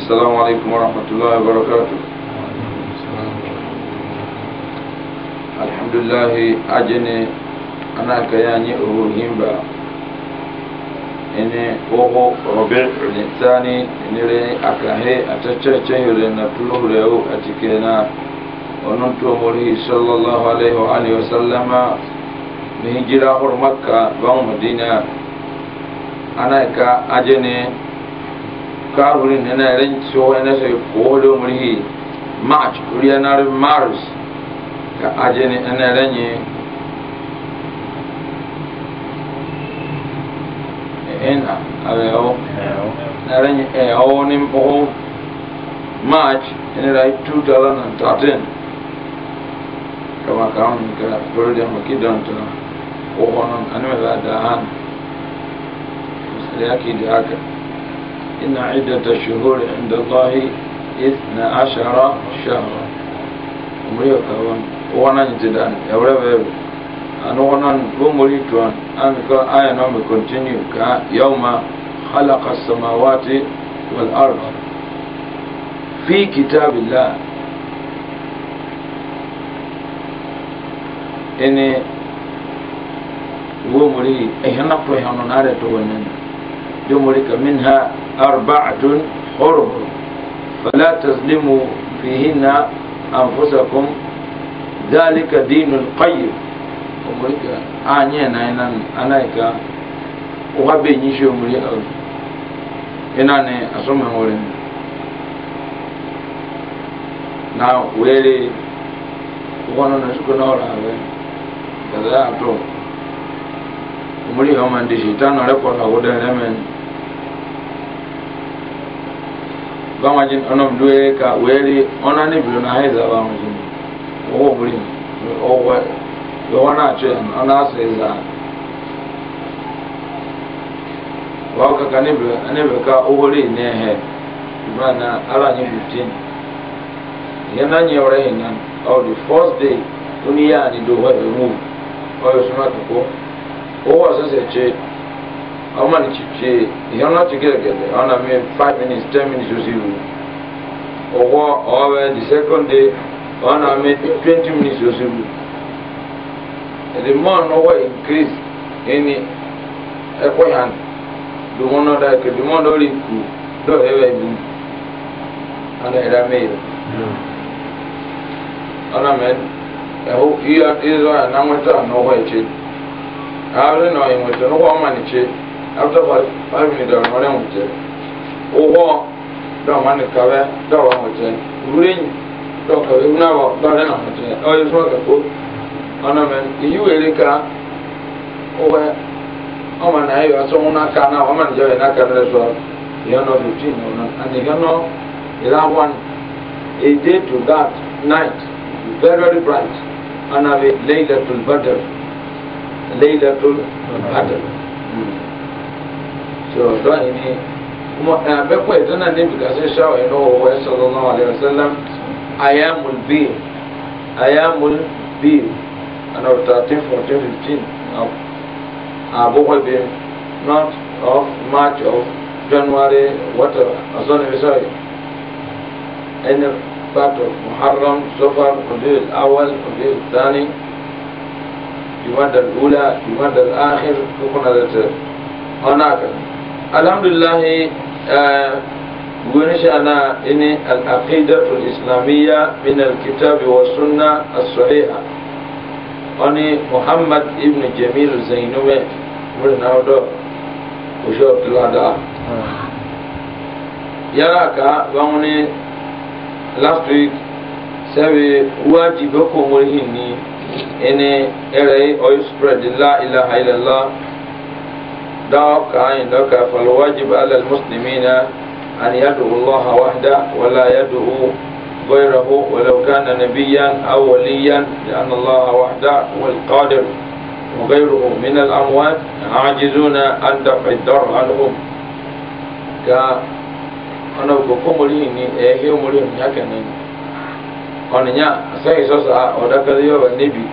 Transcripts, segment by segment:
السلام عليكم ورحمة الله وبركاته الحمد لله أجني أنا كياني أهوهم هيمبا إني أهو ربيع الثاني إني ريني أكاهي أتشتشي رينا تلوه ريو أتكينا وننتو مريه صلى الله عليه وآله وسلم من hijira مكة makka ban madina ana kahurin yana ran ciwo yana sai kolo murhi march uriyanar mars ka ajini yana ranye ena abewo na ranye eho ni mpoho march yana rai 2013 kama kawon ka kuro da makidon tuna ko honon anuwa da hannu sai ya ki إن عدة الشهور عند الله إثنى عشر شهرا أمريكا وانا نتدان يوريب أنا وانا بمريتوان أنا آية نوم كونتينيو كا يوم خلق السماوات والأرض في كتاب الله إني ومري إحنا إيه كوي هنو نارتو ونن دومريكا منها أربعة حرم فلا تظلموا فيهن أنفسكم ذلك دين القيم أمريكا أني أنا أنا أنا إكا وغبي نيشي أمريكا إن أنا نعم، أسمع نعم، أمريكا na wele wọn na suku na ọrọ abẹ dada ato omuli ọmọ ndi si tanu rẹ kọ na ọwọ dẹ bama jin onom duwe ka weri ona ni bilo na heza bama jin owo buri owo yo wana che ona seza wa ka kaniblo anebe ka owori ne he bana ala ni bitin yana ni ore hinan or the first day oni ya ni do wa be suma ko o wa so ọmọ ní ti ṣe ìyọ́n náà ti gẹ̀rẹ́gẹ̀rẹ́ ọ̀nà mi five minutes ten minutes ó sì wù ọwọ́ ọ̀rẹ́ the second day ọ̀nà mi twenty minutes ó sì the more ọwọ́ increase ẹni ẹ̀kọ́ yàn the more náà dáa kẹ́ the more lórí ikú lórí ẹ̀rọ ìlú ọ̀nà ẹ̀rọ mẹ́yẹ ọ̀nà mẹ́ ẹ̀hó yíyá ìzọ́ ẹ̀ náà wọ́n ta ọ̀nà ọwọ́ ẹ̀kyẹ́ ààrẹ náà ìwọ̀n ìtọ́nà ọwọ́ ọmọ nìkyẹ́ after five five minutes ọ̀rọ̀ ọ̀rẹ́ wọn jẹ owó dọ̀ọ̀ máa ní kàwé dọ̀ọ̀ wọn jẹ wúrẹ́yìn dọ̀ọ̀ kàwé wọn náà wọ̀ dọ̀ọ̀rẹ́ náà wọn jẹ ọ̀yẹ́ fún ọ̀kẹ́ kó ọ̀nà mẹ́ ìyí wèrè ká owó ọmọ náà yọ ọtọ wọn náà ká náà ọmọ nìjọ yẹn náà ká lẹ́sọ ìyẹn náà fifteen ọ̀nà and ìyẹn náà ìlà one a day to that night very very bright and have a laylatul badr laylatul badr. Mm so dɔɔni ni mo ɛn bɛ kɔ ɛdɔn na ne bi ka se sɔ ɛn o wɔ sɔlɔ lɔ wa not of march of january whatever ɔsɔni bi sɔ part of muharram sofar kudil awal kudil thani jumada al ula jumada al akhir kukuna da ta ɔnakan alhamdulillahi uh, gwani sha'ana ini al'aqidatul islamiyya min alkitabi wa sunna as-sahiha wani muhammad ibn jamil zainube wurin audo ushe abdullada ah. yara ka wani last week sẹ́bi wájú bẹ́ẹ̀ kò wọ́n yìí oil spread la ilaha illallah. دعوك عين فالواجب على المسلمين أن يدعو الله وحده ولا يدعو غيره ولو كان نبيا أو وليا لأن الله وحده هو القادر وغيره من الأموات عاجزون أن دفع الدر عنهم ka ono ko komoli ni e he omoli ni aka ni onya sa iso sa odaka yo ba nebi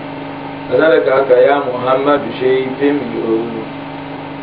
azale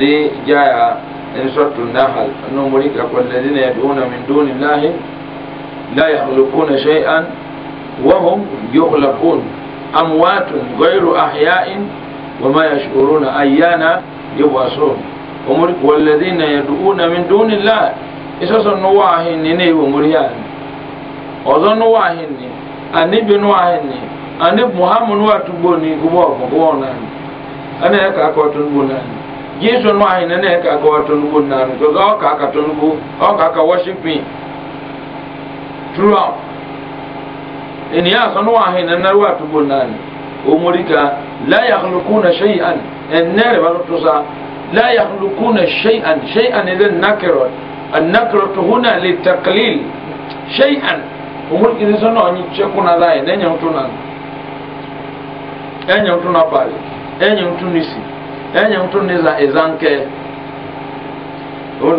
de jaya in sottu nahal no muri ka walladina yad'una min duni llahi la yakhluquna shay'an wa hum yukhlaqun amwatun ghayru ahya'in wa ma yash'uruna ayyana yub'asun umuri walladina yad'una min duni llahi isoso no wahin ni ne umuri ya ozo no wahin ni anibi no wahin ni anibi muhammadu atuboni kubo ko wona ana ka ko tun bunani yesu no ayi nene ka ka watonugu nanu because all ka ka tonugu all ka ka worship me throughout eni ya sanu ahi nene watugu nanu omorika la yakhluquna shay'an ennere balotusa la yakhluquna shay'an shay'an e idan nakira النكرة هنا للتقليل شيئا umuri kiri sɔnna ɔnyi tse kuna la yi n'enye ŋutu na enye ŋutu na pali enye ŋutu nisi enye mtu niza ezanke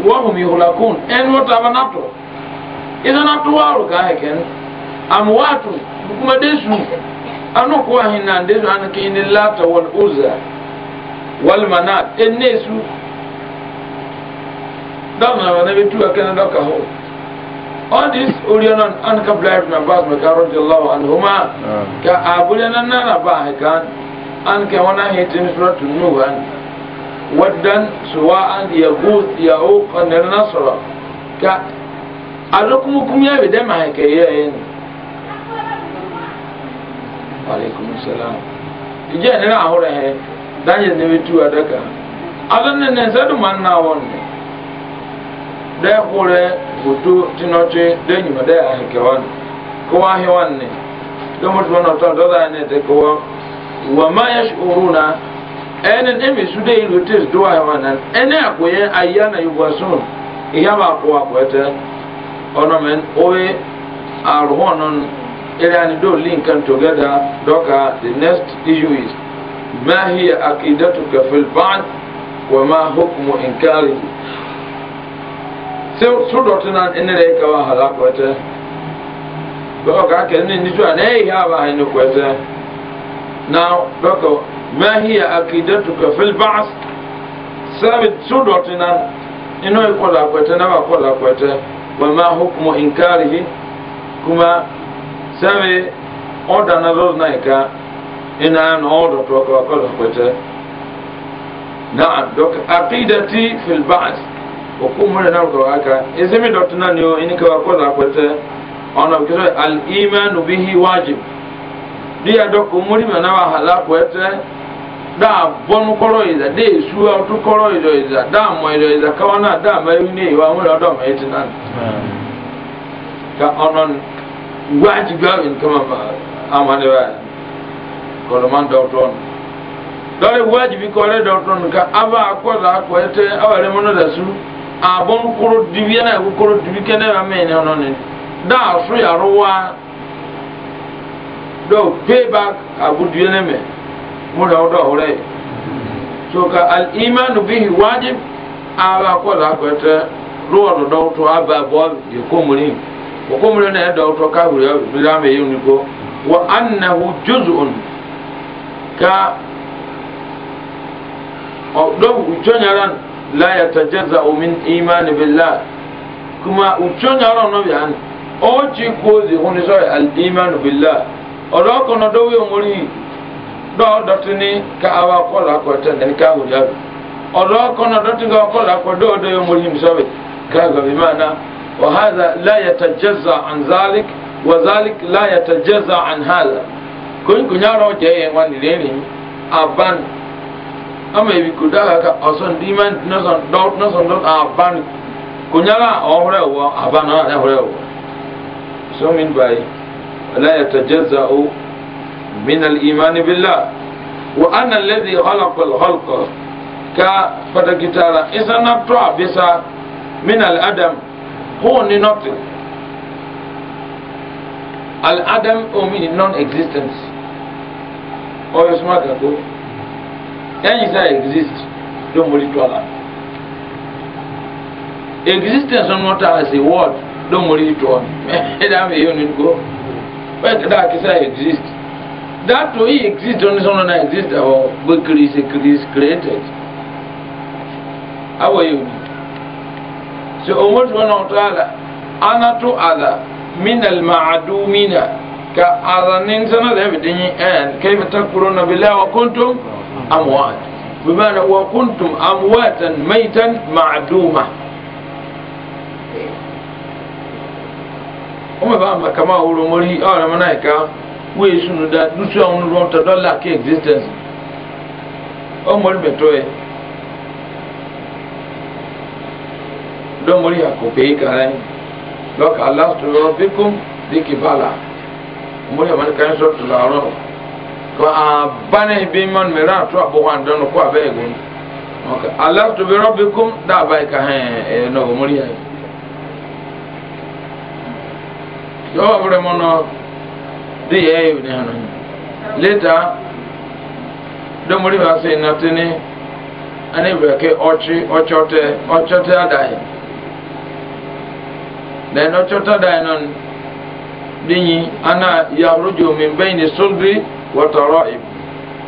wahum yuhlakun en wata banato idan atu waru ka heken amwatu kuma desu anu kuwa hinan desu an kini lata wal uza wal manat en nesu dana wa nabi tuwa kana doka ho all this orionon an kabla ibn abbas makaradallahu anhuma ka abulana nana ba hekan an kai wani hitin suratu nuhan waddan suwa an ya gus ya uka na nasara ka a lokacin kuma ya bide ma haika yi yayin alaikum salam ije ne na ahura he dan ya ne bitu adaka adan ne ne sadu man na won da hore hudu tinoche da nyuma da haika wan ko wa he wan ne da mutu wana ta da ne da ko wa ma yash'uruna enen emi sude yi lutis duwa ya wanan ene akoye ayyana yubwasun iya ba ko akwete ono men owe arhonon ilani do link and together doka the next issue is ما هي عقيدتك في البعث وما حكم إنكاره سو سو دوتنا إن رأيك وهلاك وته بقى كأني نجوا نهي هذا هنوك وته now doko ma hiya akidatuka fil ba'th sabit sudotina ino ikola kwete na bakola kwete wa ma hukmu inkarihi kuma sabe oda na zo na ika ina na oda to ko kola kwete na dok aqidati fil ba'th hukumu na ko aka izimi dotina ni o inika kola kwete ona kisa al iman bihi wajib dia dɔ ko mori mɛ na wa hala daa bɔnu kɔrɔ yi la dee su ɔtu kɔrɔ daa mɔ yi dɔ yi la daa ma yi ne yi wa ŋun la dɔn na ka ɔnɔ mi kama ma ama ne ba dɔw bi kɔlɛ ka aba akɔ la akɔ ɛtɛ yɛrɛ mɔnɔ su a dibi yɛn na ko dibi kɛnɛ ma mɛ ɔnɔ daa do beba abudiyene me mura odo hore so ka al iman bihi wajib aba ko la ko te ruwa do to aba bo yekomuri yekomuri na do to ka huri bila me yuni ko wa annahu juz'un ka odo utonyaran la yatajazza min iman billah kuma utonyaran no bi an o ji ko ze hunu so al iman billah ọ̀dọ́ kọ́nà dọ́wọ́ omori dọ́ọ̀ dọ́tí ní ká awa kọ́lá kọ́ tẹ̀ ní ká wòlíà rẹ̀ ọ̀dọ́ kọ́nà dọ́tí ká kọ́lá kọ́ dọ́ọ̀ dọ́ọ̀ omori misọ́bẹ̀ ká gàbí máa ná wàhálà láyà tàjẹ́zà ànzálík wàzálík láyà tàjẹ́zà ànhálà kònyìnkònyàrá ọ̀jẹ̀ yẹn wà nílẹ̀ ní aban ama ebi kò dáhà ká ọ̀sán dìímà nọ́sán dọ́t aban kònyàrá ọ̀húrẹ́ wọ aban náà ẹ̀húrẹ́ wọ so mean لا يتجزأ من الإيمان بالله وأنا الذي خلق الخلق ka إذا kitara بسا من to هو min al'adam who ni nothing o mean non-existence o yẹ suma kako yanyi sa exist don mori to do existence on water as a word don mori to it. ẹ dàbí yóò ní ko bẹ́ẹ̀ that kí sáà that way exists only someone na exist or be create is created How are you? so omo tí wọn Allah, tó àlà ana tó àlà minal maadu mina ka àlà ní nsánà dẹ́bi dínní ẹn kẹ́mi takuro nàbílẹ̀ àwọn kóntó amuwaat bí bá na wà kóntó amuwaatan maitan maaduma. Ma wọn bá àmà kàmá òwúrò mọ́rí ọ̀rẹ́ mọ́ ìka wọ́n èso nù dá dúsù àwọn olùrọ̀ tó dọ́là kí existence ọmọrí bẹ̀tọ́ ẹ̀ dọ́mọrí àkọ́kọ́ yìí kàrẹ́ lọ́kà aláṣọ rọ́bíkún díkì bàlà ọmọrí àmà ní káyọ̀ sọ́tù làárọ̀ kọ́ àbánẹ́ ibi mọ́n mìíràn àtúrò àbọ̀wọ́ àdánù kó àbẹ́ ẹ̀gún aláṣọ ẹ̀ yọọ fúnra mọ náà dé yẹ ẹ yóò ní àná yìí létà dọmọdé bá sè nàtí ní ẹni bẹ̀rẹ̀ kí ọtí ọtsọtẹ ọtsọtẹ àdáyé lẹ́nu ọtsọtẹ àdáyé náà dínyi ana yàrúdjò mi bẹ́yìn ní sódì wọ́tọ̀rọ̀ ìb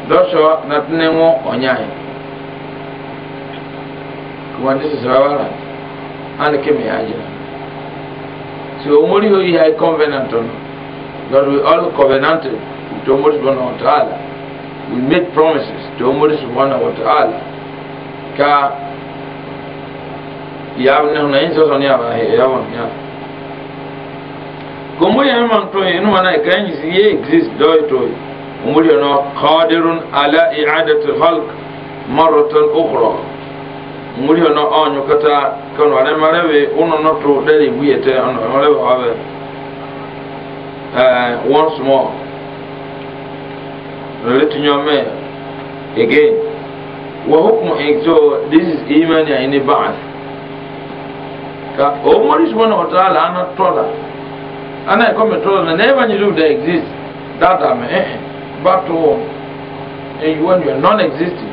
lọ́sọ̀ nàtí ní wọn ọ̀nyáyé kí wọ́n ti sèse wá wá rà á ní kí mi yà ti omori ho yi high covenant on that we all covenanted to omori subhanahu wa ta'ala we made promises to omori subhanahu wa ta'ala ka ya ne ho na yin so ni aba he ya won ya komo ya ma to yin ma na ka yin si ye exist do to omori no qadirun ala i'adati khalq marratan ukhra muri ono onyo kata kono ale marewe uno no to dele buyete ono ale wabe uh, eh, once more let me again wa hukmu ekto this is iman ya ini ba'ath ka o muri subhanahu wa ta'ala ana tola ana ko me tola na never knew that exist that am eh but to oh, eh, you when you are non existing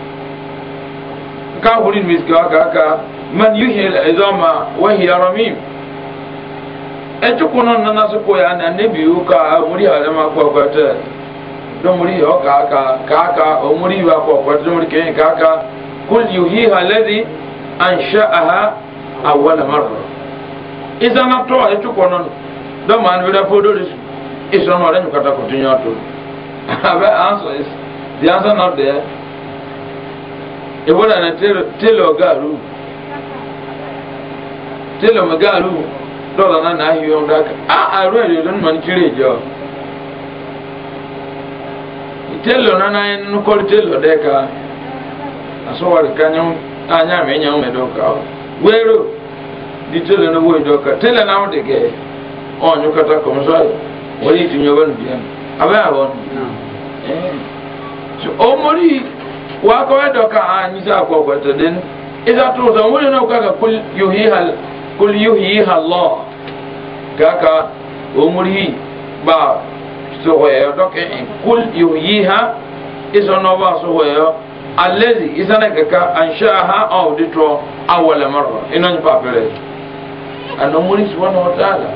kahurin miska kaka man yuhi al'izama wa hiya ramim e tukuno nana su koya na nabi uka muri alama ko kwata don muri o kaka kaka o muri wa ko kwata don muri ke kaka kul yuhi alladhi ansha'aha awwal marra izana to e tukuno don man wira podori isono ran kata kutinyo to abe answer is the answer not there ìwọ́dà na télọ̀ gàrú télọ̀ mọ̀ gàrú dọ́là náà na áhìí ọ̀dọ́ aka á àrùn èrè lónìí màá nítorí na nnukwu náà náà nínú kọ́lù télọ̀ dẹ́ka asọ́wárì di télọ̀ na wọ́ ẹ̀dọ́ka télọ̀ náà kata wako wedo ka anisa ko ko to den iza to so wuri no ka kul yuhiha kul yuhiha allah kaka umuri ba so ho yo do ke kul yuhiha izo no ba so ho yo allazi iza na kaka anshaha aw dito awwala marra ina ni pa pere an umuri subhanahu wa ta'ala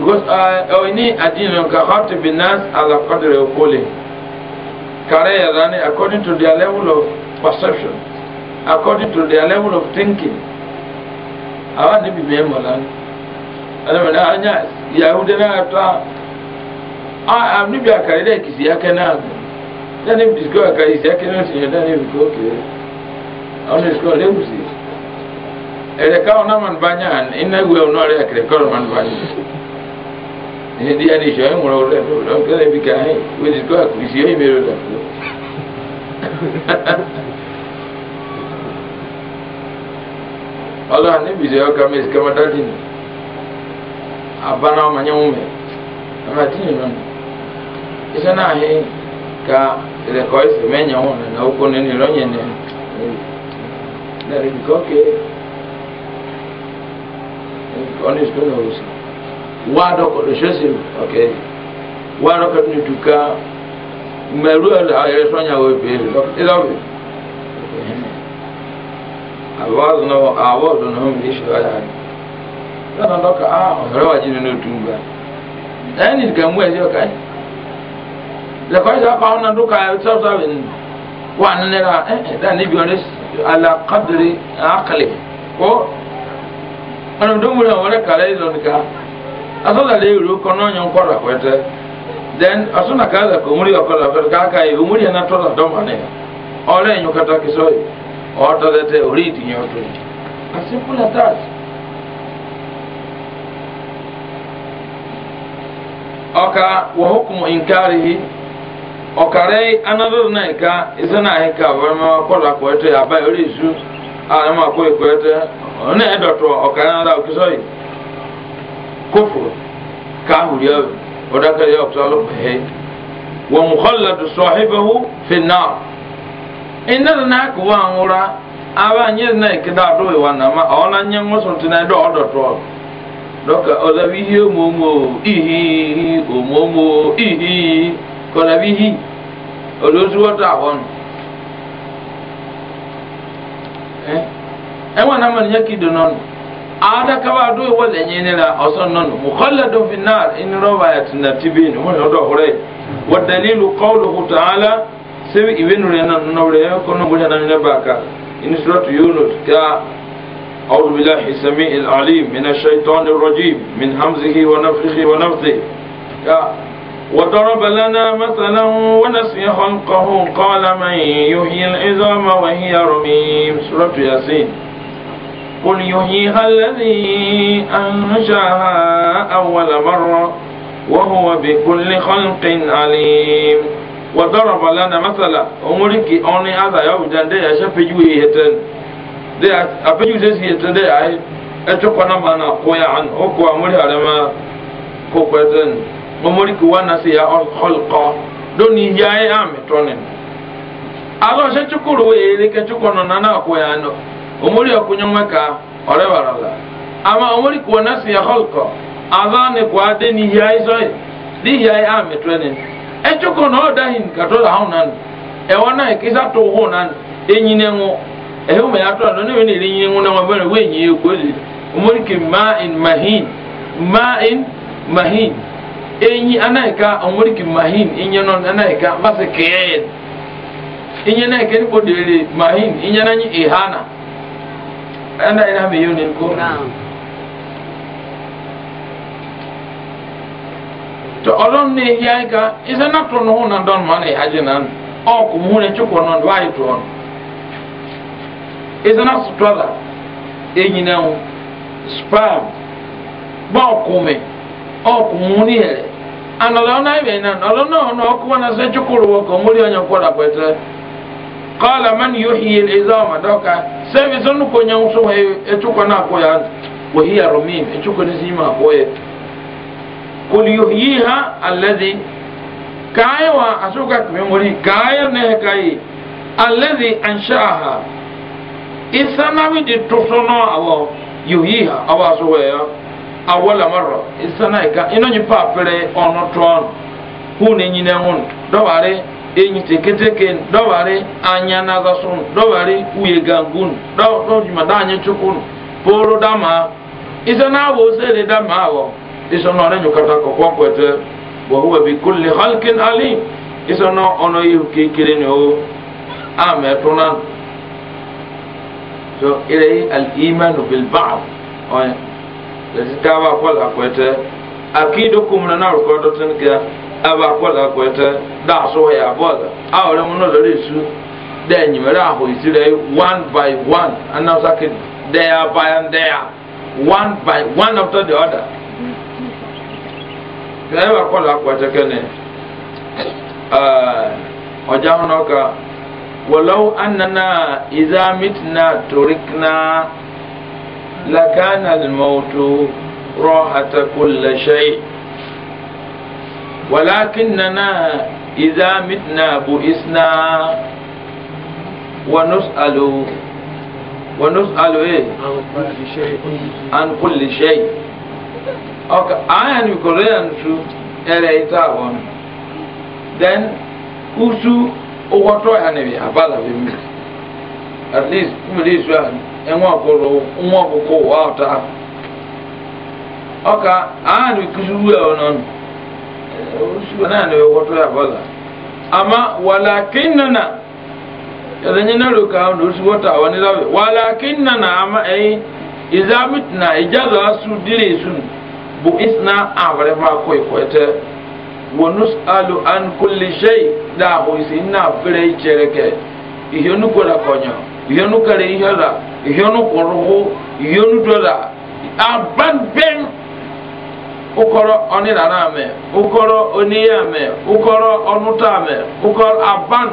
because uh, ni adin ka khatib bin nas ala qadri qawlihi career than according to their level of perception, according to their level of thinking. Àwọn níbi bẹ́ẹ̀ mọ̀ lánàá. Ẹlẹ́mìnira anya Yahudi náà tọ́ a àwọn níbi àkàrí dẹ̀ kìsì akẹ́ náà gbọ̀. Dẹ́ni bí disco àkàrí ìsì akẹ́ náà sì yẹn dẹ́ni bí kò kéré. Àwọn disco ọ̀dẹ́ kù sí. Ẹ̀rẹ̀ká ọ̀nà mànúbányà iná ìwé ọ̀nà ọ̀rẹ́ àkẹrẹ̀kọ́ ọ̀nà mànúbányà. ẹni tí yára ìṣọ́ ìmúra ọ̀rẹ́ ọ̀kẹ́lẹ̀ bí ká ẹ̀yìn wọ́n ti tó àkùsí ẹ̀yìn mẹ́rin ọ̀dà fún un. ọlọ́run níbi ìṣẹ́ ọkà mẹ́sì kẹ́mọ́ dájú ni abáná ọmọ yẹn wọ́n mẹ́ ọmọ àti yìí nù. iṣẹ́ náà yẹ ká ìrẹ̀kọ́ ẹ̀sẹ̀ mẹ́yìn ọ̀hún nínú ọkọ̀ nínú ìrọ̀yìn ni ẹ̀rẹ̀ ìkọ́kẹ́ ọ̀nà na òsì. wado ko shosim okay wado ko ni duka meru ala ere sonya we be ila we awaz no awaz no mi shara na ndo ka ah ore wa jini no tumba ani ga mu ejo kai la ko ja ka ona duka so so win wa ne ra eh da ni bi onis ala qadri aqli ko ana ndo mu na ore kale ka asọza da eru kọ n'onye nkwara kwete then na ka ala ka omuri ọkọla kwete ka aka ya omuri ya na tọla dọma ne ọrụ enyo kata kisọ ya ọtọ tete ori itinye ọtọ ya as simple as that ọka wahukumu inkarihi ọkara anadolu na ika ise na ahịka ọbụrụma ọkọla kwete ya abaghị ori isu a na-amakwa ekwete ọ na-edọtọ ọkara anadolu kisọ ya kófòrò káhùrí ọ̀rọ̀ ọ̀dọ́kẹ́ yẹ ọ̀tọ́ ọlọ́pàá wọn kọ́lá dị sọ ẹ̀bẹ̀wò fìnnà iná tó náà kó wà ńwúra àwọn anyé náà kéde àdó ìwà nàmá àwọn náà nyé ńwó ọzọ náà dọ̀ ihe ahụ ọnụ ka n'ọnụ. ada kawa do wala nyene la oson non mukhalladun fi nar in rawayat natibin mo do hore wa dalilu qawluhu ta'ala sewi ibenu rena nore ko no buja nan ne baka in surat yunus ka أعوذ بالله السميع العليم من الشيطان الرجيم من همزه ونفخه ونفثه وضرب لنا مثلا ونسي خلقه قال من يحيي العظام وهي رميم سورة ياسين قل يحييها الذي أنشأها أول مرة وهو بكل خلق عليم وضرب لنا مثلا أمريكي أوني هذا يوجد دي أشفجوه يتن ده أفجوه سيسي يتن ده أي أتقنا ما نقوي عن أكو أمري على ما كوكتن أمريكي وانا سيا خلقا دوني يا أمي تونين ألو شكرا وإليك شكرا نانا أكوي عنه omori ọkụnye nwa ka ọrịbarala ama omori kuwa nasi ya holkọ aza ne kuwa de n'ihi anyị zọị n'ihi anyị a metụrụ ne echukwu na ọ daghị nkatọ ahụ na nụ ẹwọ náà kisa tó hó na nụ enyi ne nwụ ẹhụ ma ya tọ na onye na-eri enyi ne nwụ na nwa bẹrẹ wee nyi omori ke maa in mahin maa in mahin enyi anaghị ka omori ke mahin enyi nọ anaghị ka mbasa kee enyi anaghị ka ndị kpọdere mahin enyi anaghị ihana. ana ina mai yau ne ko to ọlọ́run ní ehi anyị ka ịsa natọ na ọhụụ na ndọ ma na ọkụ mụ na chukwu ndụ anyị tụọ nụ ịsa na sụtọla enyi na nwụ spam gba ọkụ mị ọkụ mụ na na ọkụ na onye قال من يحيي العظام دوكا سيفي سنو كو نيو سو هي اتوكو كو يا وهي رميم اتوكو نسيما كو قل يحييها الذي كايوا اسوكا كموري كايا نه كاي الذي انشاها اسنامي دي توسونو اوا يحييها اوا سو يا اول مره اسنايكا انو ني بابري اونو ترون هو ني ني نون دواري enyi teketeke dɔbare anya nazasun dɔbare uye gangun dɔjuma da anya cukun poro dama isɛ na awo sere dama awɔ isɛ na ɔrɛ nyukata kɔkɔ kɔtɛ wɔhuwa bi kulli halkin ali isɛ na ɔnɔ ihu kekere ni o amɛ tuna so ire yi al-imanu bil ba'd ɔyɛ lɛsi taaba kɔla kɔtɛ akidu kumuna na rukɔdɔtun kɛ aba akɔda kɔtɛ da asɔ ya bɔda a wɔrɛ mu nɔ lɔri su dɛ nyimɛrɛ ahɔ esi rɛ one by one anawusa ke dɛya bayan dɛya one by one after the other kɛ aba akɔda kɔtɛ kɛnɛ ɛɛ ɔdza hɔnɔ ka wɔlɔw anana izamitina torikina lakana lmɔtu rɔhata kulle shɛyi. ولكننا إذا متنا بئسنا ونسأل ونسأل إيه؟ عن كل شيء عن كل شيء أوكي أنا ere شو إلى then kusu owoto ya ne bi abala bi mi at least kuma le su an enwa akoro nwa akoko wa ota kusu wa wana ne woto ama bala amma walakinnana yadan yana sun bu isna abare ma koi koite wa nus'alu an kulli shay da ho isinna fere chereke ihonu kola konyo ihonu kare ihara ihonu korugo ihonu dola aban ben ukoro onirara ame ukoro oniye ame ukoro onuta ame ukoro aban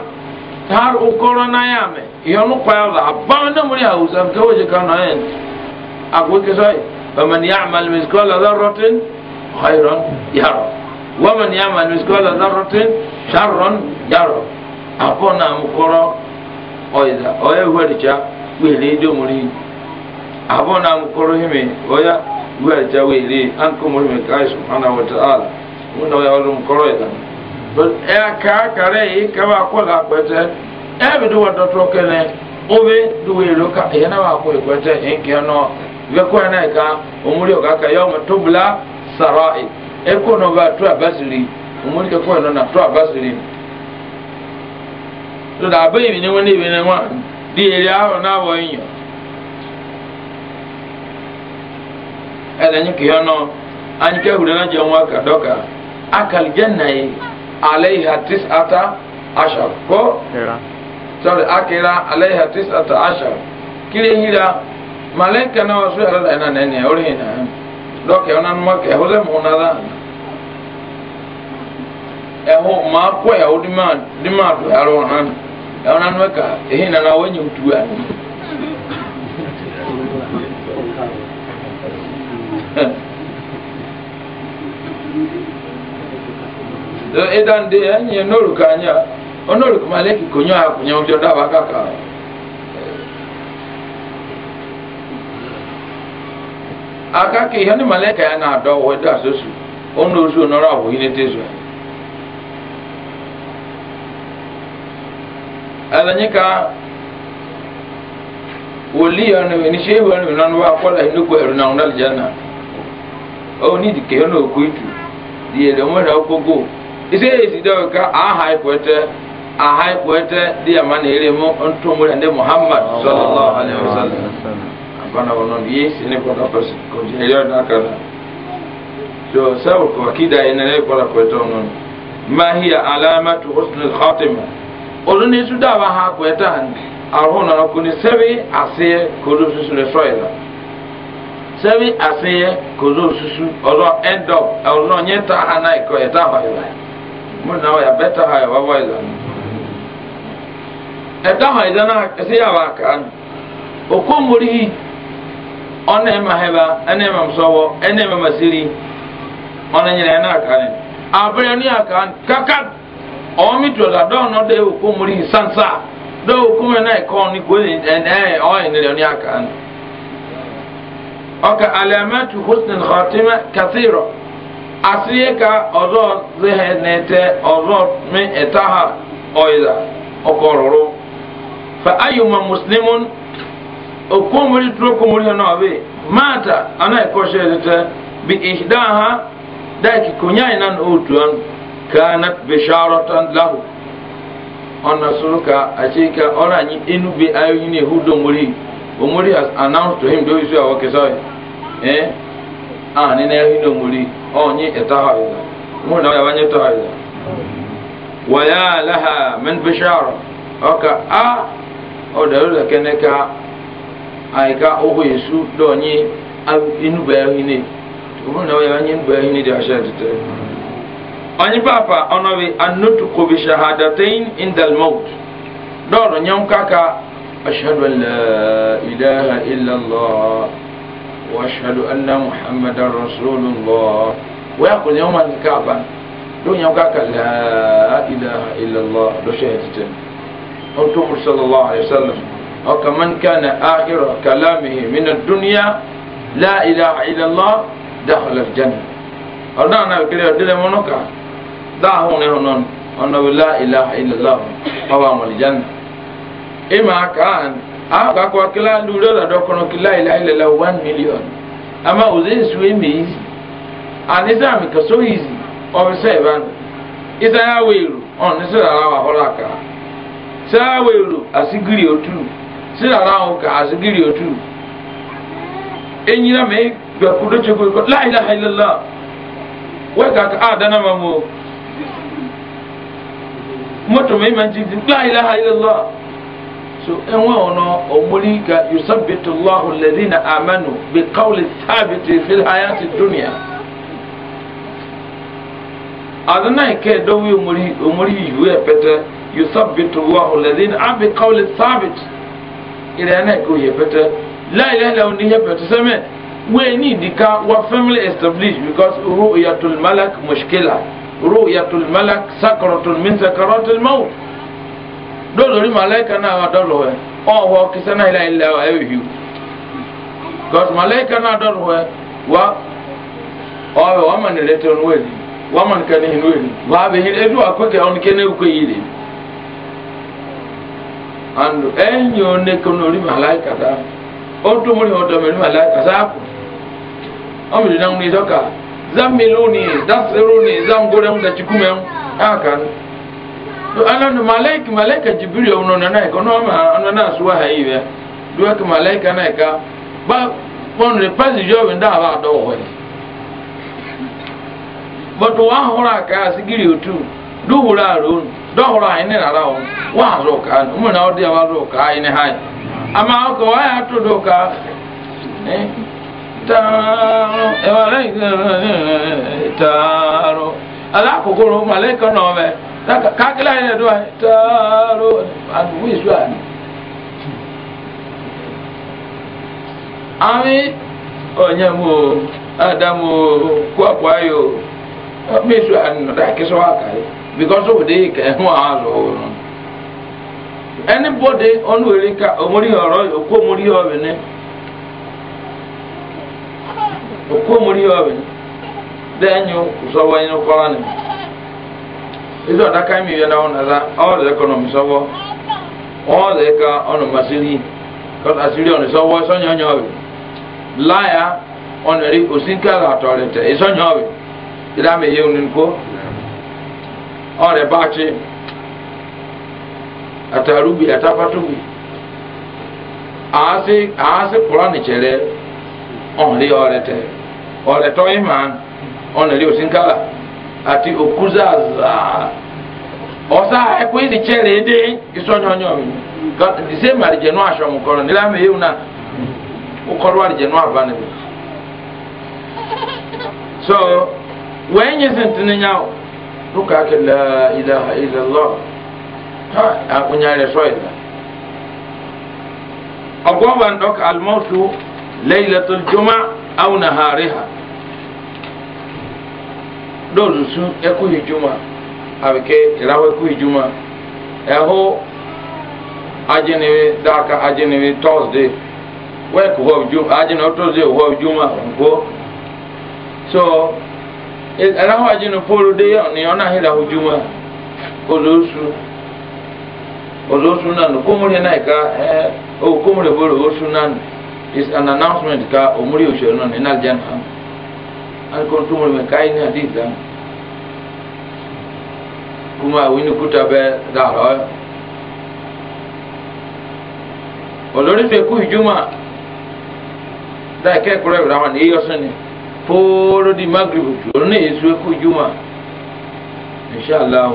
har ukoro naya ame yonu kwayola aban na muri hausa nke waje ka na yen akwai kisai faman ya'mal mithqala dharratin khairan yara waman ya'mal mithqala dharratin sharran yara apona mukoro oida oye waricha wele idomuri abona mukoro himi oya wíwá ìjáwé ilé ankó mọ́rí mi káyé sùnmọ́nà wọ́tá àlà wọ́n náà yà ọdún kọ́rọ̀ ìdáná. ẹ ká kárẹ̀ yìí kábà kọ́lá pẹ́tẹ́ ẹ bí dùwọ́ dọ́tọ́ kẹ́lẹ́ obe dùwọ́ èlò ká ẹ̀yẹ náà wà kó ìpẹ́tẹ́ ẹ̀ǹkẹ́ na ìgbẹ́ kọ́ ẹ̀ náà ká òmùrí ọ̀gá ká yọ ọmọ tó bula sàrọ̀ ẹ̀ ẹ̀ kó náà bá tó àbásìrì òmùrí kẹ́kọ́ ẹ̀ ɛdɛ nye kiyɔ nɔ anyi kɛ anyị ka dɔ ka e akal jɛnna ye alayha tis ata ashar ko sɔri ata kiri hira malaika na wasu yɛrɛ la ɛna nɛnɛ o na yina dɔ kɛ numa mu na la ɛhɔ maa kɔ ɛhɔ do na ɛhɔ na numa ka ehi o nye ịda ndị enyi ya n'oruka anya onoruka maleki konyo ha kwụnye ụdị da aka ka aka ka ihe ndị ka ya na-adọ ụwa ịda asụsụ ọnụ yi onọrọ abụghị n'etezu ya alanye ka na ọ̀nà ìníṣẹ́ ìwé na ìnáwó na ìnúkọ̀ ẹ̀rù náà na ìjẹ́ jana o ni di ke ono okuitu di ele mo da okogo ise esi da ka aha ipoete aha ipoete di ama na ere mo onto mo ne muhammad sallallahu alaihi wasallam abana wono ni esi ne ko da pas ko di ele da ka so sabu ko kida ina ne ko da ko to non ma hiya alamatu husn al khatima oluni su da ba ha ko eta han arho na ko ni sebe ase ko do su ne soila sɛbi aseyɛ kozo susu ɔlɔ ɛndɔ ɔlɔ nye ta ha na ikɔ yɛ ta yɛ la mo na yɛ bɛ ta ha yɛ wɔbɔ yɛ la ɛta e ha yɛ na ɛsɛ yɛ wa ka no okomori yi ɔna ɛma hɛ ba ɛna ɛma musɔwɔ ɛna ɛma masiri ɔna nyina na aka ni aka kaka yi sansa na ikɔ ni ko ɔyɛ ni aka no. oka alamatu husnul khatima kathira asiye ka ozo zehe nete ozo me etaha oida okororo fa ayyuma muslimun okomuri trokomuri na be mata ana ikoshe te bi ihdaha daki kunyai nan utuan kanat bisharatan lahu ona suruka achika oranyi enu bi ayoyini hudo muri omuri has announced to him do isu awake sawi eh ah ni na yi no muri onye etahaida mu na ya banye etahaida wa ya laha min bishara oka a o da rura keneka aika ohu yesu do onye inu ba yi ne mu na ya banye ba yi ne da asha tete onye papa onobi annutu ko bi shahadatain indal maut do ro nyam kaka ashhadu an la ilaha illa allah وأشهد أن محمدا رسول الله ويقول يوم الكعبة دون يوم لا إله إلا الله لو شهدت أنتم صلى الله عليه وسلم وكمن كان آخر كلامه من الدنيا لا إله إلا الله دخل الجنة أردنا نعم، نعم، كده دل منك دعهم هنا أنه لا إله إلا الله هو الجنة إما كان a ga kwa kila lura da dokono kila ila ila la 1 million ama uze suwe me easy and isa mi ka so easy o se ban isa ya weru on isa la wa holaka sa ya weru asigiri otu sira la o ka asigiri otu enyira me gba kudo chego ko la ila ila la we ka ka adana mamo moto me manji la ilaha illallah so ɛwɔn ɔno ɔmoli ka yusabitu allah ladina amanu bi kawli sabiti fi hayati dunia adunan kɛ dɔw ye ɔmoli ɔmoli yiwu yɛ pɛtɛ yusabitu allah ladina an ah, bi kawli sabiti ìrẹ́nà kò yẹ pẹtẹ láìláìlá òní yẹ pẹtẹ sẹ́mẹ̀ wọ́n ní ìdíkà wà family established because ro yatul malak mushkila ro yatul malak sakaratul min sakaratul mawt. dozori e malaika na wa dɔlɔ wɛ ɔn wɔ kisɛ na wa hiu na dɔlɔ wɛ wa ɔyɛ wa mani lɛ tɔn wɛ li wa mani kani wɛ li wa bɛ edu kɛ kɛ ne yi and ɛnyɛ o ne ori malaika ta o tomori o dɔmɛ ori malaika ta ko di na ŋun ni dɔ ka ni ni ŋun da a kan. do ana do malaika jibril ono na na na suwa ha iwe do ka malaika na ba bon le pas jo ben ba do ho wa ka sigiri otu ro do ni ra wa ro na ro ka ha ama ko wa ya to do ka eh ala kokoro malaika no kakila yẹn do ayi taaro aduwo esu ani ami onyamu o adamu o kuapu ayo o mi esu ani no daa kisa wa kari because o de ka ẹhu azo o no anybody ọnu eri ka omori oro oku omori ọbi ni oku omori ọbi ni dẹ́yìn sọ wọ́n yín ni. ịzụ ọdaka ime ya na ọnaza ọrụ ekọnọmi sọwọ ọrụ eka ọnụ masịrị kọta sịrị ọnụ sọwọ sọnyọ ọnyọ ọrụ laya ọnụ eri osi nke ala atọrọ ete ịsọnyọ ọrụ ịda ma ihe onye nkwo ọrụ ebe achị atarubi atapatubi aasị aasị pụrụ n'ichere ọrụ ya ọrụ ete ọrụ ete ọrụ ịma ọnụ eri osi nke ala. ati okuza zaa ọsa ẹkọ yìí ni kyẹrẹ ẹdẹ isọnyọnyọ mi the same alijẹnu asọmu kọrọ nílẹ àmì yẹwu náà ọkọrọ alijẹnu àbá níbi so wẹ́n yẹ sẹ́ntìní yá o lókà kẹlẹ́ ilẹ̀ ilẹ̀ lọ àkúnya rẹ̀ sọ ìlà ọgbọ́n wa ndọ́ka alimọ́tò lẹ́yìn lẹ́tọ́ jọmọ́ àwọn nàhàrí ha. dolu su Juma, hijuma abike ìlàwọ Juma. hijuma ɛhó ajínìwé dàkà ajínìwé tọ́sídẹ̀ẹ́ wẹ́ẹ̀kì Juma, hijuma ajínìwé tọ́sídẹ̀ẹ́ Juma hijuma so ɛlàwọ ajínìwé polo de ni ɔnà ìlàwọ hijuma olóòsù olóòsù nánu kómúlẹ̀ náà ká ɛ owó kómúlẹ̀ bolo is an announcement ka alikɔn tó mɔlɛmɛ káyé ní kuma awini kuta bɛ dàrɔ yɛ ɔlɔri fɛ juma. ìjuma dáa kɛkɔrɔ ìwúrɔ àwọn èyí ɔsán di magrib tu ɔlɔri e náà yéésù kú ìjuma inshallah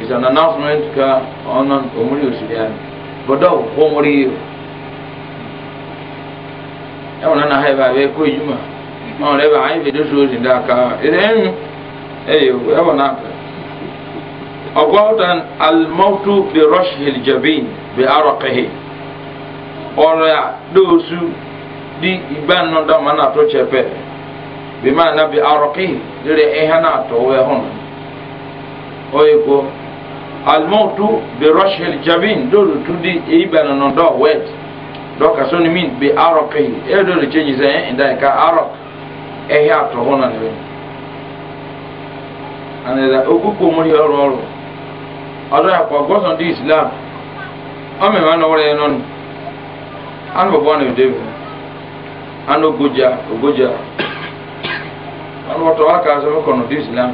is an announcement ka ɔnà omori osiriani bɔdɔ kɔmori yìí ɛwọn nana ha yɛ juma. ọ lebe anyị bi dozu ozi ndị aka ịrịm eyo ebe na ọgwọtan almautu bi roshil jabin bi arakihi ọrịa dozu dị iban nọ dama na atọ chepe bi ma na bi arakihi dịrị ihe na atọ wee hụ oyiko almautu bi roshil jabin dozu tudi iban nọ dọ wet dọka so ni min bi arakihi edo le chenji sẹ ẹ ka arok. ehi atọ hụ na ne anɛdɛ okuku omori ɔrɔ ɔrɔ ɔdɔ akɔ gɔsɔn ya islam ɔmɛ ma na ɔrɛ yɛ nɔnu anu bɔbɔ na ɛdɛ ogoja aka islam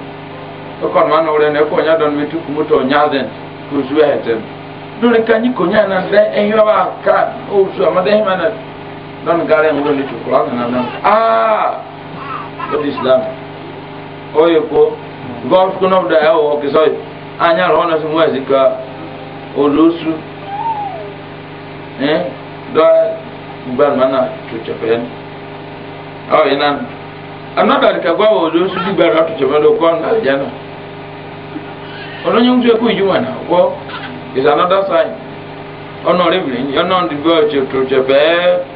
ya na ɔrɛ na ɛkɔ ɔnya dɔn mi tu kumutɔ ɔnya zɛn kuzu ɛtɛ ya kanyi konya na dɛ ɛyɔ wa ka na na lórí islam oye ko gọ́ọ̀fù tó náà dà ẹ̀ wọ̀ kìsọ́ yìí anya rọ̀ wọn náà sì mú ẹ̀sìn ká olóṣù ẹ̀ dọ́ gbàgbọ́n náà tó tẹ̀fẹ́ yẹn ọ̀ yìí náà anọ́dà kẹgbẹ́ wọ̀ olóṣù dìgbàrà tó tẹ̀fẹ́ lọ kọ́ ọ̀nà àjẹ́ náà olóyún ń gbé kú ìjùmọ̀ náà wọ́ is another sign ọ̀nà rẹ̀ bìrì ọ̀nà ìdìbò ọ̀tẹ̀tẹ̀ bẹ́ẹ̀.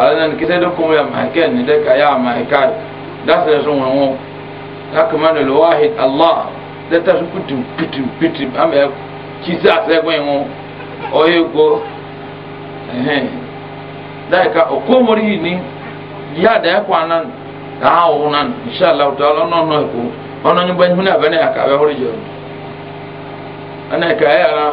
alanan kisa da kuma ya mahaka ni da ka ya mahaka da su sun wani haka mana lawahid Allah da ta su kutu kutu kutu amma ya kisa sai gwen wo oye go eh da ka okomori ni ya da ya kwanan da hawo nan insha Allah ta'ala non no ko ono ni ban huna bane aka be horijo ana ka ya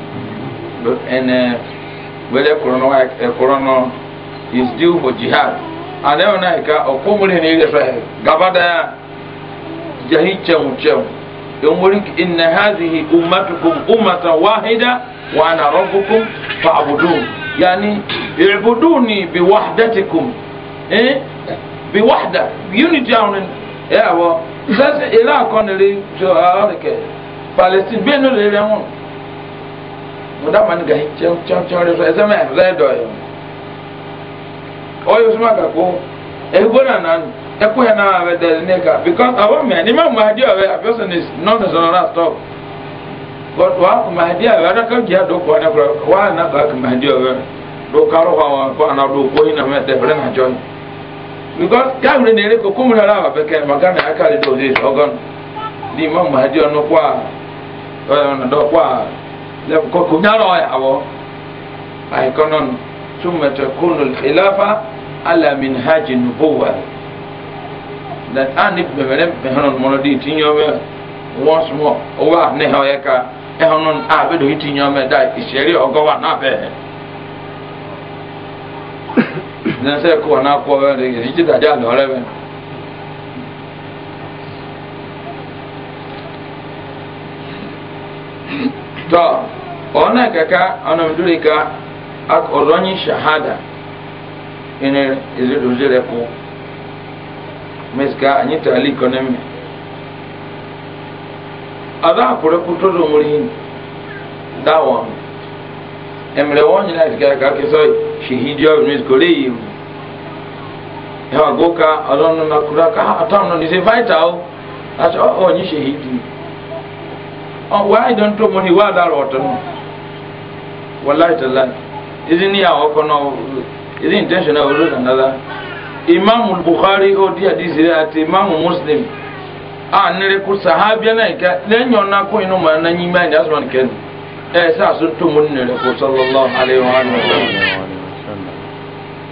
and uh, whether corona uh, corona is due for jihad and then na ka okumuri ni ile fe gabada jahi chemu chemu yomuri inna hadhihi ummatukum ummatan wahida wa ana rabbukum fa'budun yani i'buduni biwahdatikum eh biwahda unity down yeah well that's ila konele to alike palestine beno le le mo muda mani gahi tiɛn tiɛn tiɛn de so ɛsɛ mɛ ɛsɛ dɔ o ɔyɛ suma ka ko egbɔ na nanu ɛkò yɛ na bɛ dɛrɛ ne ka because ni ma mahadi a person is not sɔrɔ na stop but wa mahadi ɔbɛ ɔdɔ ka do na ba ka mahadi ɔbɛ do karo kɔ awɔ kɔ ana do na na because ne ko mu na le do n'i ma ko nyaro ya awo ay konon summa takunu al-khilafa ala minhaj an-nubuwwa dan anib be mere be hanon monodi tinyobe once more owa ne ha yaka e hanon a be do tinyobe da iseri ogowa na be dan se ko na ko be ri ji da ja lo re be tọ ọna kaka ọna mduri ka ọzọnyi shahada ene ezere ko meska anyi ta ali konemi ada akure kuto do muri dawa emre wonyi na ka ka ke so shahidi of news kore ya goka ọlọ́run na kura ka atam no ni se fighter o ati shahidi Oh, why don't to money wa dar water wallahi tallahi isn't ya oko no is intentional or another imam al-bukhari o dia dizire at imam muslim a ah, nire ku sahabia na ka lenyo na ko ino ma na nyima ni asman ken eh sa so to mun nire ku sallallahu alaihi wa sallam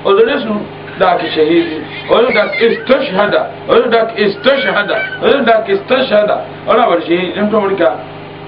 odore su dak shahidi odore dak istashhada odore dak istashhada odore dak istashhada ora bar shahidi to mun ka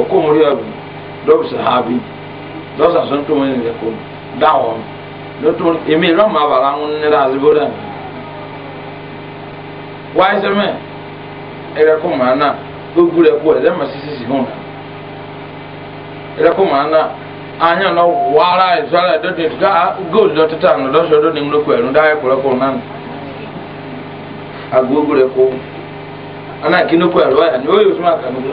okomori ọdún lọ́wọ́ sàhábì lọ́wọ́ sàsọ́n tó wọn ènìyàn kò dáwọ́ anya nọ wàhálà ìtura ẹ̀dọ́dún ìtura góòlù lọ́títà nù lọ́sọ̀ọ́dún ní ńlọ́kù ẹ̀rù dáhẹ́ kúrẹ́kọ̀ náà. àgbógbó rẹ̀ kú anáàkínlọ́kù ẹ̀rọ ẹ̀ ní ó osimiri aka àkànúgbó.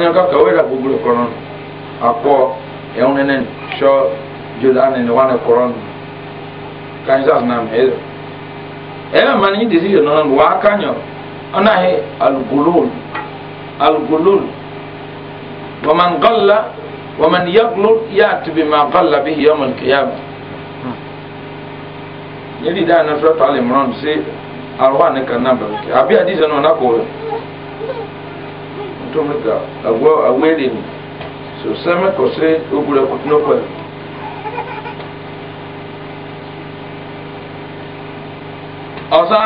anya ka ka wera guguru kono akwo eunenen sho judanen wane koron na nam he ema mani disi yo non wa kanyo ana he algulul algulul ومن قل ومن يقلل يأتي بما قل به يوم القيامة يلي tomika agwọ awere ni so sẹmẹ kọsẹ ogbura kutu n'okwe ọsa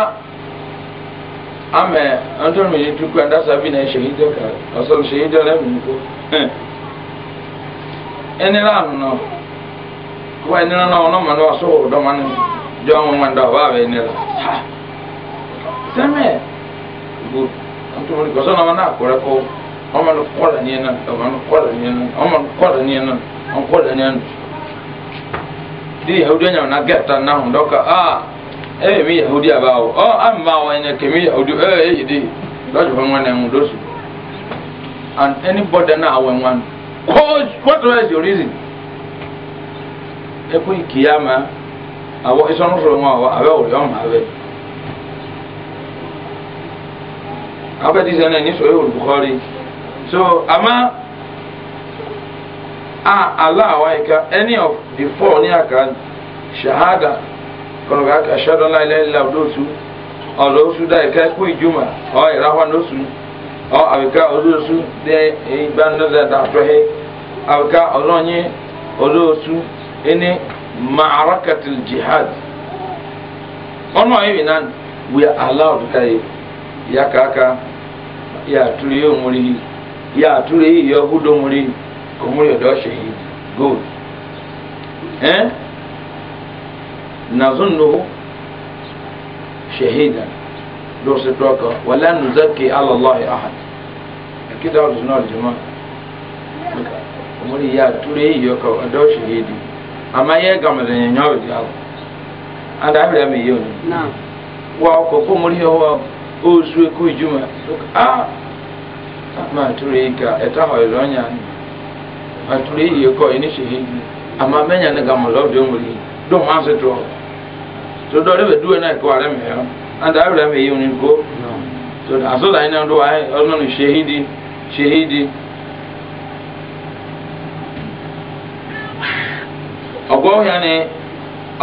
amẹ antoni yi ndasa bi na ehyehido ka ọsọ ehyehido lẹmu nko ẹnira anọ wa ẹnira náà ọ̀nà mọ̀nà ọ̀sọ́ ọ̀dọ́mọ ni jọ ọmọ mọ̀nà ọ̀bá ntụrụ gọzọ na ọ na-akwụrụ akọ ọmọ nụ kwọrọ na ọmọ nụ kwọrọ nye na ọmọ nụ na di yahudi anya na gẹta na ahụ a ah, e ebe mi yahudi aba ọ ọ ama ọ ene kemi yahudi ee eyi di lọjọ fún wọn na dosu and anybody na awọ ẹwọn cause what was your reason ekwe kiyama awọ isọnusoro wọn awọ abẹ wọlé abadi zana ni sọ yóò bukhari so ama a ala awa ika any of the four ni aka shahada kọlọ ka aka shahada ọla ilẹ ilẹ ọdọọsu ọdọọsu da ika ẹkọ ìjùmọ ọ ìrahwa n'osu ọ abika ọdọọsu dẹ ìgbà ndọdọ dàtọhẹ abika ọlọnyi ọdọọsu ẹni maarakatil jihad ọnà ẹ̀yìn náà we are allowed to die. ya ka aka ya atụrụ ya omuri ya atụrụ eyi ya ọbụdo ka omuri ọdọ yi gold eh na zunnu shahida dosi tọka wala nuzaki alallahi ahad akida ọdụ na ọdịma omuri ya atụrụ eyi ya ka ọdọ ọchị yi dị ama ya gamara ya nyọrọ dị ahụ ada m ihe onye wa ọkọ kwa ya ọhụrụ ozu eku ijuma a ama ah, atụrụ ika eta họrọ ọnya atụrụ iyi kọ ịnị shehi ama menya ne ga lọdọ omori dọ mọ asị tụọ tó dọ ọdẹ bẹ duwe náà kọ arẹ mẹyọ anda abẹrẹ mẹyẹ oní kó tó asọdọ anyi na dọ na ọdún ní shehi di shehi di. ọgọ ya ni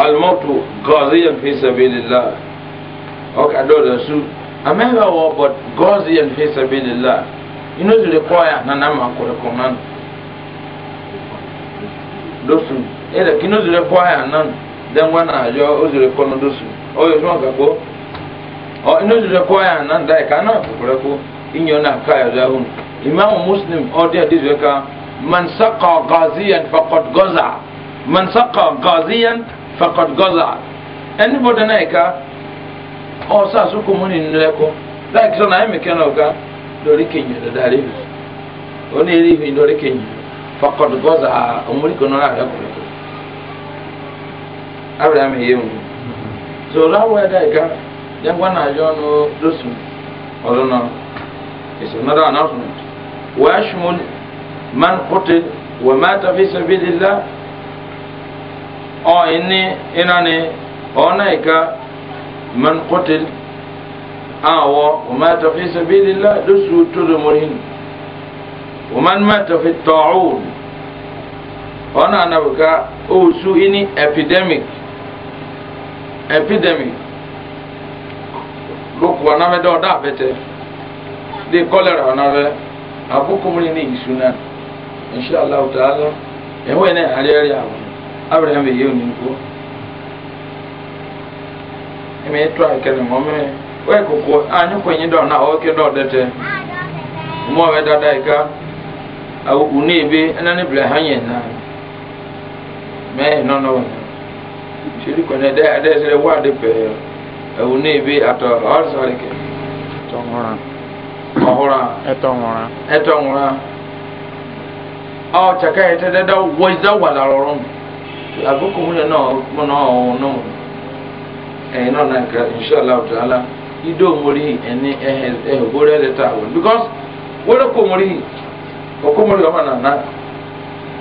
almoto gọziyan fi ka ọkà dọdọ su. amega wo but gozi and fi sabilillah you know the require na na ma ko recommend dosu ele kino the require na then when I jo o the recommend dosu o oh, yo mo ka ko o oh, ino the require na dai ka na ko ko inyo na ka ya da hun imam muslim o oh, dia dis ka man saqa ghaziyan faqad gaza man saqa ghaziyan faqad gaza anybody na ka ọsọ asụkụ mụ ninu ẹkọ láìkí sọ náà anyị náà ọgá lórí kẹnyìn dada rẹ bi ó ní eré ìhìn lórí kẹnyìn fakọdù gọza ọmọlẹkọ náà rẹ kọ so abraham yẹ mu zoro awọ ẹdá ẹka announcement man من قتل awo wa mata سبيل الله dusu tudu ومن مات في mata fi ta'un ona anabuka o su ini epidemic epidemic lóko wọn náà dọ̀ dáa bẹ́tẹ̀ dé kọ́lẹ̀rà wọn náà bẹ́ abúkùnrin ní ìṣú náà inṣàlá ọ̀tá lọ ẹ̀wọ̀n ẹ̀ ime tụ akele ngome we kuku anyu kwenye do na oke do dete mo we da dai ka au unibi anani bla hanye na me no no shiri kwenye da da sele wa de pe au ato or ke chaka ete da wala no no no ẹ̀yin náà náà nǹkan inshallah ọ̀tàlá idó mórí ẹni ẹ̀hìn bórí ẹ̀dẹ́ta àwọn because wọ́n kò mórí ọkọ̀ mórí ọmọ nàná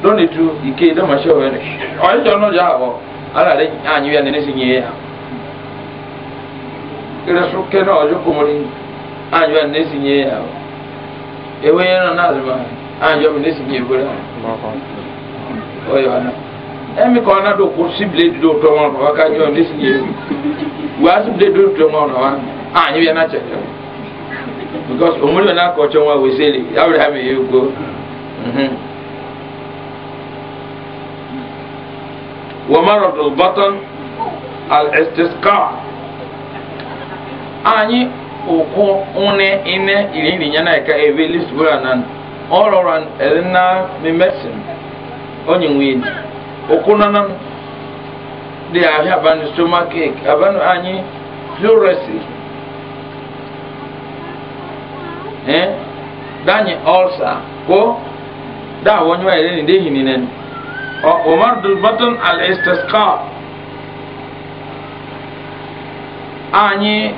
lónìí tu ike ìdámàṣẹ́ ọ̀rẹ́ ni ọ̀yẹ́jọ́ náà yà ọ̀ alàdé ànyìn yẹn nínú sí yẹn yà kéré sọ kẹ́ náà ọjọ́ kò mórí ànyìn yẹn nínú sí yẹn yà ọ̀ ewé yẹn náà náà lè máa ànyìn yẹn nínú sí yẹn bórí ọ̀yọ́ náà. emi ka ɔna do ko sibile do tɔ ŋɔ nɔfɛ ka nyɔ ne sigi yɛ wa sibile do tɔ ŋɔ nɔfɛ a nyi yɛ na kyɛ kyɛ because omuli yɛ na kɔ wee ŋɔ weseli yawuri ha mi yɛ bọtọn al ɛsitiska anyi oko ɔne ine irini nyana ka ebe lisibura nan ɔrɔran ɛdina mi mɛsin ɔnyi okunanan de ahia abanu stomach ache abanu anyi pleurisy eh danyi ulcer ko da wani wa irin da hini nan umar dulbatun al-istisqa anyi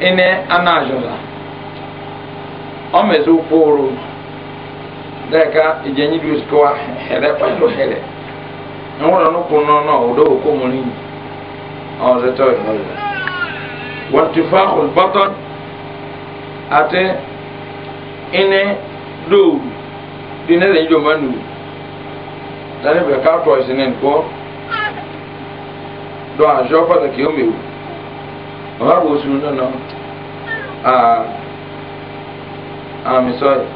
ine anajola o mezu kwuru dɛka ìjẹnyi bi sọ wa hɛrɛ pẹlú hɛrɛ ŋwọrọ no kun nọ náà ọdọ òkú mu ni ọsẹ tọ ìlú rẹ wọn ti fa olùbọtọ àti ẹni dóòwù di ní ẹsẹ ìjọba nù tani bẹ ká tọ ẹsẹ nínú kọ dọ àjọ pàtàkì ó mèwù ọba wo sunu nínú àmì sọyìí.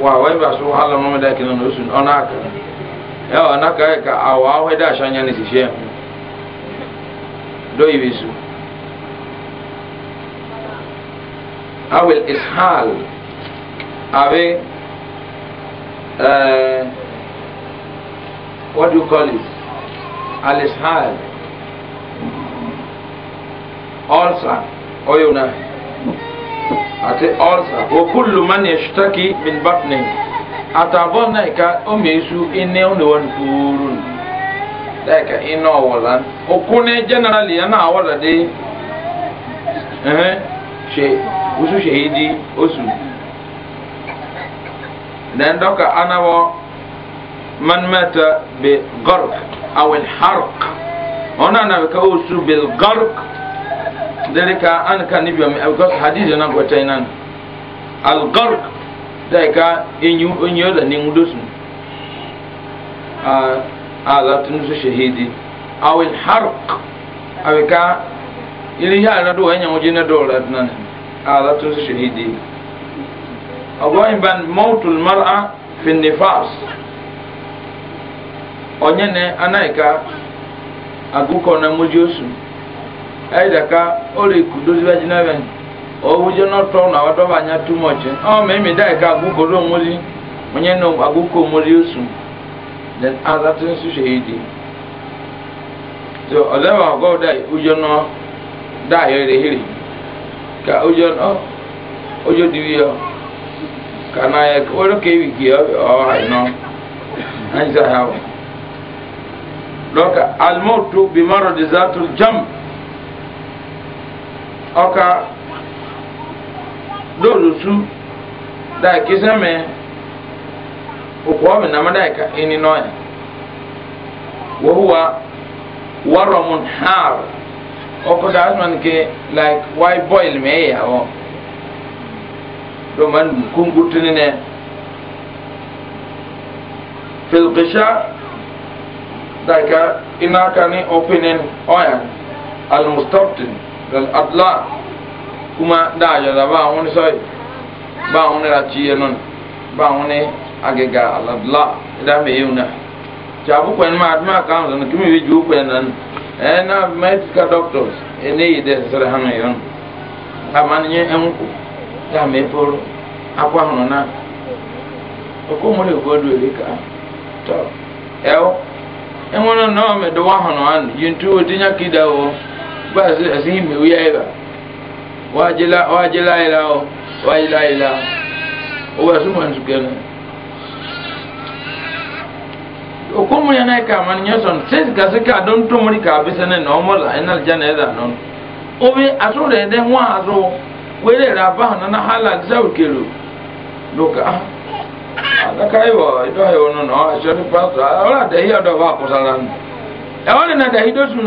wa wai ba su wahala mama da kinan da sun ona ka yawa na ka ka awa wai da shanya ne shi do yi bisu ishal abe uh, eh, what do you call it al ishal ulcer oyuna ati ulcer wa kullu man yashtaki min batni atabon na ka o mesu ine o ne won burun daika ina walan o kune generally yana wada de eh she usu shehidi osu dan doka anawo man mata bi gharq aw al ona na ka osu bil gharq dalika an ka ni biyo because hadith na ko tainan al gharq dai ka inyu inyu da ni mudusu a ah, ala tun su shahidi aw al harq aw ka ili ya na do wanya mujina do la nan ala tun su shahidi agoyin ban mautul mar'a fi nifas onye anaika agụkọ na mmoji ẹ̀dẹ̀ ká ó lè kú dóṣù bẹ́ẹ̀ jìnnà bẹ́ẹ̀ owó jẹ́ náà tọ́ ọ̀nà àwọn tọ́ba yẹn túmọ̀ jẹ́ ọ́n mẹ́mí no ká àgókò then aza ti so ọ̀dẹ́ wà ọ̀gọ́ dáì ojú náà dáì rẹ̀ hìrì ká ojú ka ojú ọka dolusu daa kisɛmɛ ukɔɔmi nama daa ka ini nɔɛ wohuwa warɔmun haar ɔkɔ daa sɔn ke like wai boil mɛ yɛ awɔ dɔw man kunkutini nɛ filkisha daa ka ina ka ni opinion ɔya almustoptin plus kuma da yada ba wani sai ba wani raci yanon ba wani agega aladla da me yuna jabu kwen ma adma kan zan kimi wi ju kwen nan eh na medical doctors ene ide sare hanu yon aman nye ku, da me poro akwa hono na ko mo le godu e ka to ewo enwono no me do wa hono an yintu odinya kidawo bá ẹsìn mi wíyá ẹ bá laila o láyé la ọ wàá jẹ láyé su ó bá ya na sùkẹ́ náà. okomu yẹn náà kà máa ka sọ̀nù sẹ́yìn kàṣí ká dó ń tó mọ́rí ká bí sẹ́ni ní ọmọ là ẹ̀ náà lè jẹ́ náà ẹ̀ dà nù. omi aṣọ a dẹ́ wọ́n aṣọ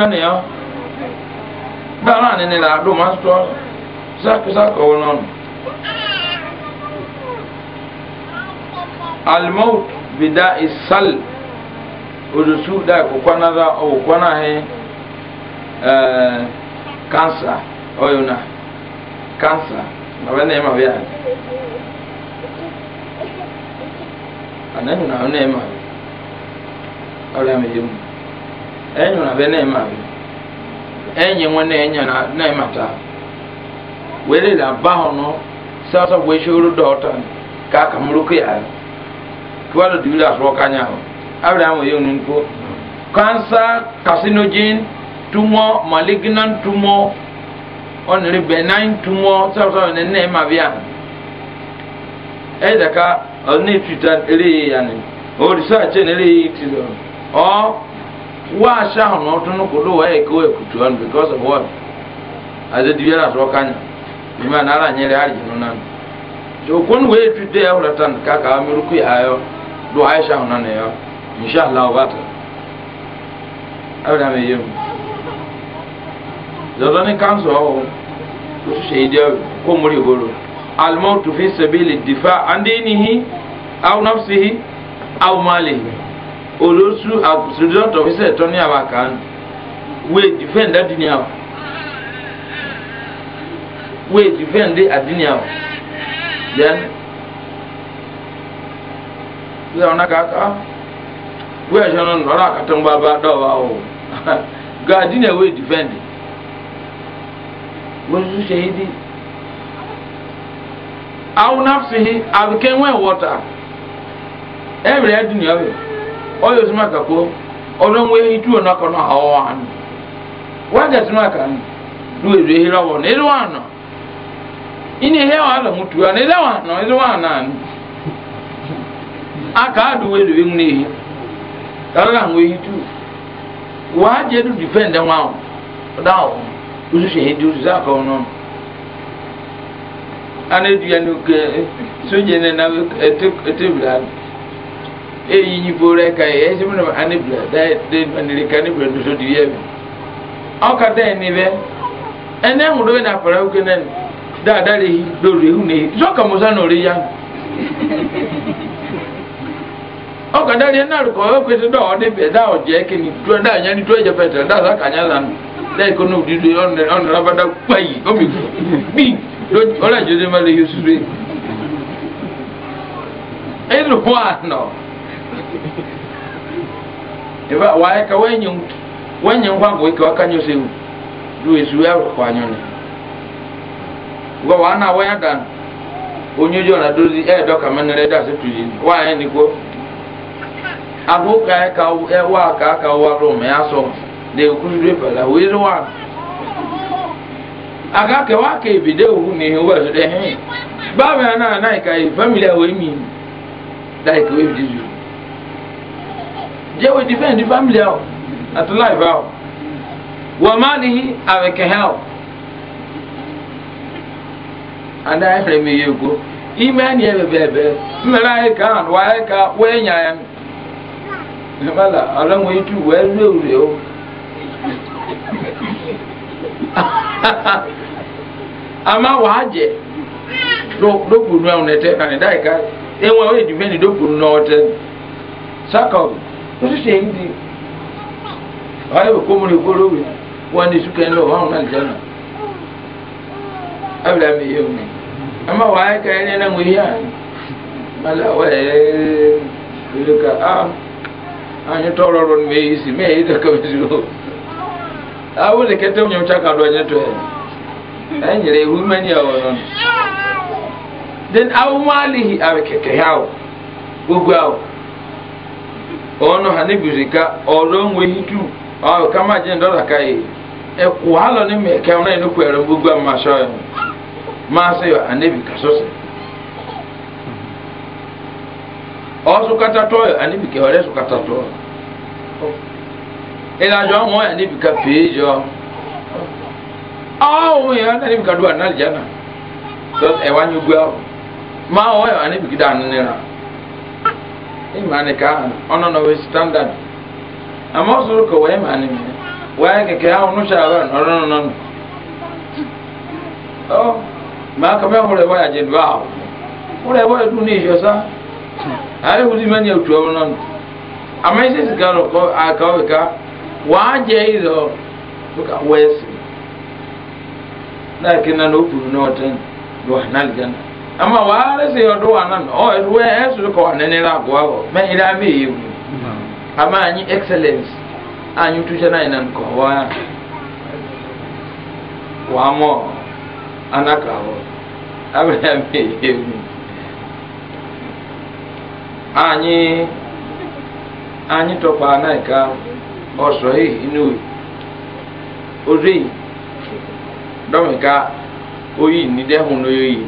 na ya dára nínú ilà àdó máa ń sọ sákòsákò wọn nọ. almout bida isal odusu da kokwana da okwana he eh cancer oyuna cancer abana ema bia anenu na onema ole amejimu enyu na benema bia enye nwa na enye were na mata wele la bụ no sasa we shuru dota ka ka muruku ya ụlọ dibila ọkanya ahụ ho abra mo Kansa kasinogen tumor malignant tumor onere benign tumor sasa ne ne ma bịa. e da ka oni o research na ere ya o wa sha ho no tun ko do wa e ko e kutu an because of what as it biara so kan ni ma nara nyere ari no nan to kun we tu de ho ratan ka ka mi ru ku ayo do aisha ho nan yo insha Allah wa ta abra me yo zodo ni kan so ho to se ide ko muri goro al mautu fi sabili difa andinihi aw nafsihi aw malihi olosu as a result our can we defend that dunya we defend the adunya then kaka we are shonon ora katong baba do wa defend we su shahidi au nafsihi water every oyo simaka ko ọdọ nwe ehi tuo n'akọ ọnụ. ọwọ anụ waga simaka du ezu ehi lọwọ na ịlụ anọ ịna ehi ahụ mutu na ịlụ anọ ịlụ anọ anụ aka adu ezu ehi na ehi nwe du du aka ọnụ a na-edu ya soja na-etu eyiyi fo rɛ ka yi e, e ɛsɛ mun na ani bila dayi e, den ani de ka ni bila doso di yɛ bi ɔka ta yi ni bɛ ɛnɛ ŋun do bi na fara o kene daada le yi do re hu ne yi sɔ ka musa na o re ya ɔka ta yi na rukɔ o kete dɔ ɔde bɛ da ɔ jɛ kini tu da nya ni tu ɛjɛ fɛ tɛ da sa ka nya lanu dayi ko n'o di do yi ɔnɛ ɔnɛ lɔba da kpa yi komi bi do ɔlɛ jose ma le yi o su de ɛyiri hu a nɔ. No. eba waye ka wenye wenye ngwango ike wakanyo sewu duwe suya kwanyone ngo wana wedan onyojo na dozi e eh, doka menere da se tuji waye niko abuka ka e wa ka ka wa ro me aso de kuzure pala wiru wa aga ke wa ke bide ohu ni wa de he ba me na na ka family we mi jẹ́ wo defend family ọ̀ àti life ọ̀ wọ́n má lè yí àwẹ̀kẹ̀hẹ́ ọ̀ anda ayɛ hwɛ meyɛ go ima neɛ bɛbɛɛbɛ mmɛrɛ ayɛ ka ano ayɛ ka wɔanya yɛ mmala ala ŋo yitu wɔawurawura o ama wɔagyɛ dɔkuru no a wɔn ɛtɛ ka ne dae ka ewa wɔyɛ difɛn ne dɔkuru no a wɔtɛ sakɔbi osisi eyi di wàá kó mu ní kóró wẹ wọn ní sukẹ ńlọ wọn náà jẹ náà abúlé mi yé omi ama ya yẹ ká ẹ nínú ẹmu yíyá mala wà ẹ ẹ ká a anyi tọrọ rọ mi yìí si mi yìí dẹ kọ mi si o awo le kẹtẹ mi ọmọdé ká do ẹni tó yẹ ẹ nyere ihu mẹni ẹ wọ nọ awo alihi yà ono hanibuzi ka ọrụ nwe hitu ọ kama jin dọla ka yi wahala ni mai kai wani nuku yare gbogbo amma ma sai wa ọsụ kata tọọ anabi ka ọrẹ sụ kata ka jọ ya anabi ka do jana E ma anụ imani ka ono no we standard amo suru ko we mani me we ke ke ha unu shaba no no no no oh ma ka me hore wa je dwa hore wa du ni yo sa ale hudi mani utu wa no amaise sigaro ko akawe ka wa je izo buka wesi na kinana upu no ten do hanal jana ama waale se yodo wanan o oh, ewe esu ko nene la ko awo me ila mi ama anyi excellence anyi tuje na inan ko wa wa anaka ho abra mi anyi anyi to na ka inu ori domika oyi ni dehun no yoyi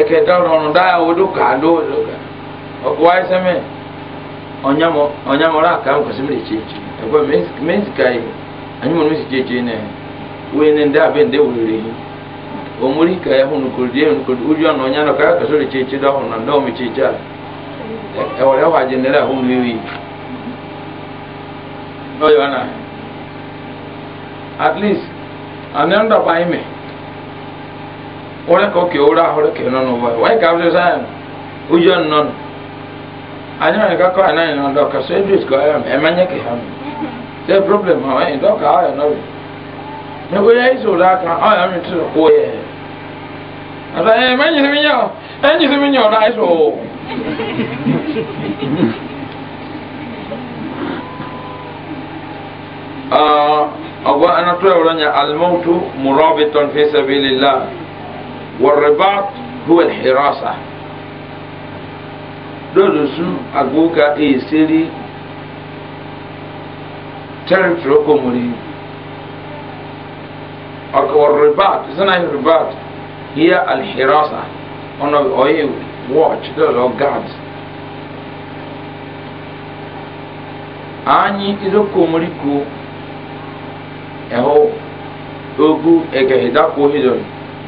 eke dɔrɔ ɔnu da awo do ka do do ka ɔku wa ɛsɛ mɛ ɔnyamɔ ɔnyamɔ la ka nkɔsi mi le tsetse ɛkɔ mɛnsi ka yi anyimɔ mi si tsetse nɛ wei ne nde abe nde wuli yi omori ka ya hunu kolo die hunu kolo udu ɔnu ɔnya na ɔka kaso le tsetse do ɔnu na do ɔmi tsetse a ɛwɔlɛ wa dze ne la hunu yi ɔyɔ na at least anɛ ŋdɔ ba yi mɛ. wore ko ke ora hore ke no no wa wa ka se sa ujo no anya ka ko ana no do ka se dis ko am e manya ke ham the problem ha e do ka ha no ne ko yai so la ka a am tu ko ye ala e manya ni nyo e ni ni nyo da so ah ọgbọ́n anatọ́ ẹ̀rọ nya alimọ́tò mùrọ́bìtàn fẹsẹ̀ bíi lè la. والرباط هو الحراسة dodo su agoka eseri territory okomori ọkọ ribat sanayi ribat hiya alhirasa ọna ọyẹ watch dodo guards anyi idokomori ko ẹhọ ogu ẹgẹhidako hidori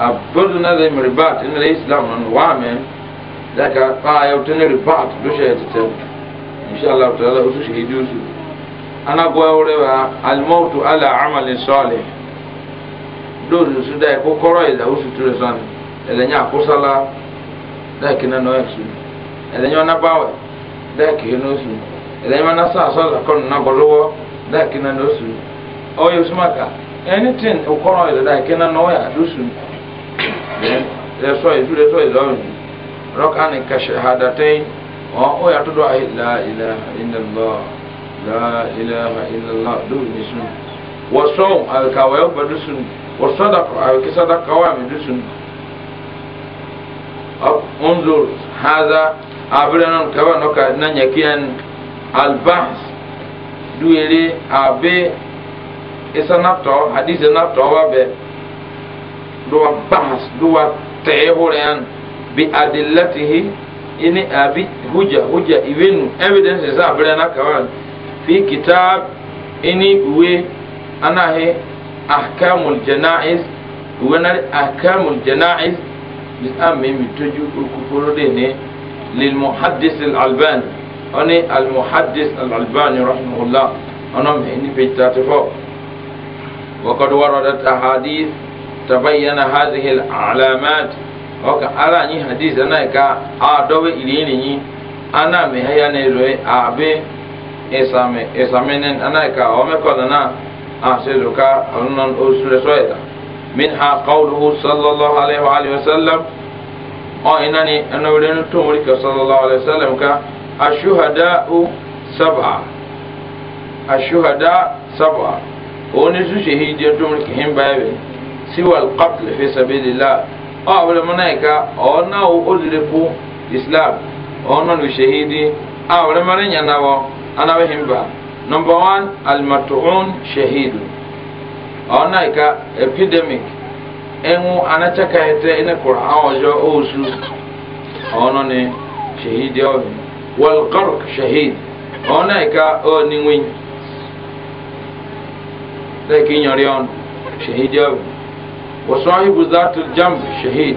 abudu na zai ribat in da islam nan wa men da ka fa yau e tun ribat do shi e ta ta insha Allah ta'ala su shahidu su ana goya wure e ba al maut ala amali salih do su da ko koro ida usu tura san elenya kusala da kina no yasu elenya na bawa. da kina su elenya na sa sa sala kon na golowo da kina no su oyo sumaka anything okoro ida da kina no ya dusu lẹ́sọ̀ ìdúró lẹ́sọ̀ ìdọ́rùn rọ́kà ní kàṣẹ́hàdàtẹ́yìn wọ́n ó yàtọ̀ dọ́ àìlà ilẹ̀ ìlẹ̀lọ́ ilẹ̀ ìlẹ̀lọ́ lórí ní sùn wọ́n sọ̀hún àbíkàwé ọ̀pẹ̀ dùsùn wọ́n sọ̀dàkọ̀ àbíkí sọ̀dàkọ̀wé àmì dùsùn ọ̀nzọ̀ hàzà abirẹ̀ náà kẹwà nọ́kà náà nyẹ̀kíyàn albans dúwèrè abe. ìsànàtọ̀ àdìsẹ̀ nàtọ̀ wà bẹ́ẹ̀ duwa bahas duwa tɛɛ horeyan bi adillatihi ini abi hujja hujja iwenu evidence za abere na kawan fi kitab ini uwe anahe ahkamul janaiz uwe na ahkamul janaiz bi amme mi toju okuforo de ne lil muhaddis al albani oni al muhaddis al albani rahimahullah onom ini page 34 وقد وردت أحاديث tabayyana hadhihi al-alamat oka ala ni hadith ana ka adowe ilini ni ana me haya ne roe abe esame esame ne ana ka o me ko na ase ruka onon usule soeta minha qawluhu sallallahu alaihi wa alihi wasallam o inani anawrenu tumuri ka sallallahu alaihi wasallam ka ashuhada'u sab'a ashuhada sab'a oni su shahidiyatun kihin bayabe siwa alqatl fi sabilillah ọ abụrụ m na-eka ọ na ozirepụ islam ọ nọ n'ushehidi a wụrụ mara ịnya nawọ anaghị mba nọmba 1 almatuun shahidu ọ na-eka epidemic enwu anachakahete ina qur'an ọjọ osu ọ nọ ne shahidi ọhụ wal qarq shahid ọ na-eka ọ niwin lẹ́kìn yọrí shahidi ọhụ وصاحب ذات الجنب شهيد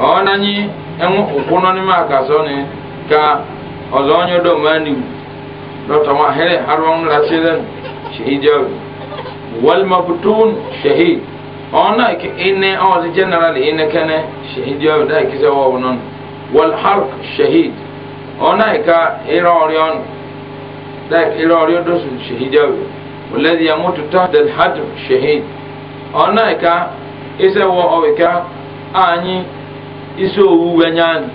أنا ني أمو أكون ما كاسوني كا أزوني دو ماني تما هلي حرام رسيدن شهيد جاوي والمبتون شهيد أنا إك إني أو الجنرال إني كان شهيد جاوي ده كذا وونن والحرق شهيد أنا إكا إيروريون ده إيروريون دوس شهيد جاوي والذي يموت تحت الحجر شهيد أنا إكا ise wɔ ɔwika a anyi ise owu wɛnyan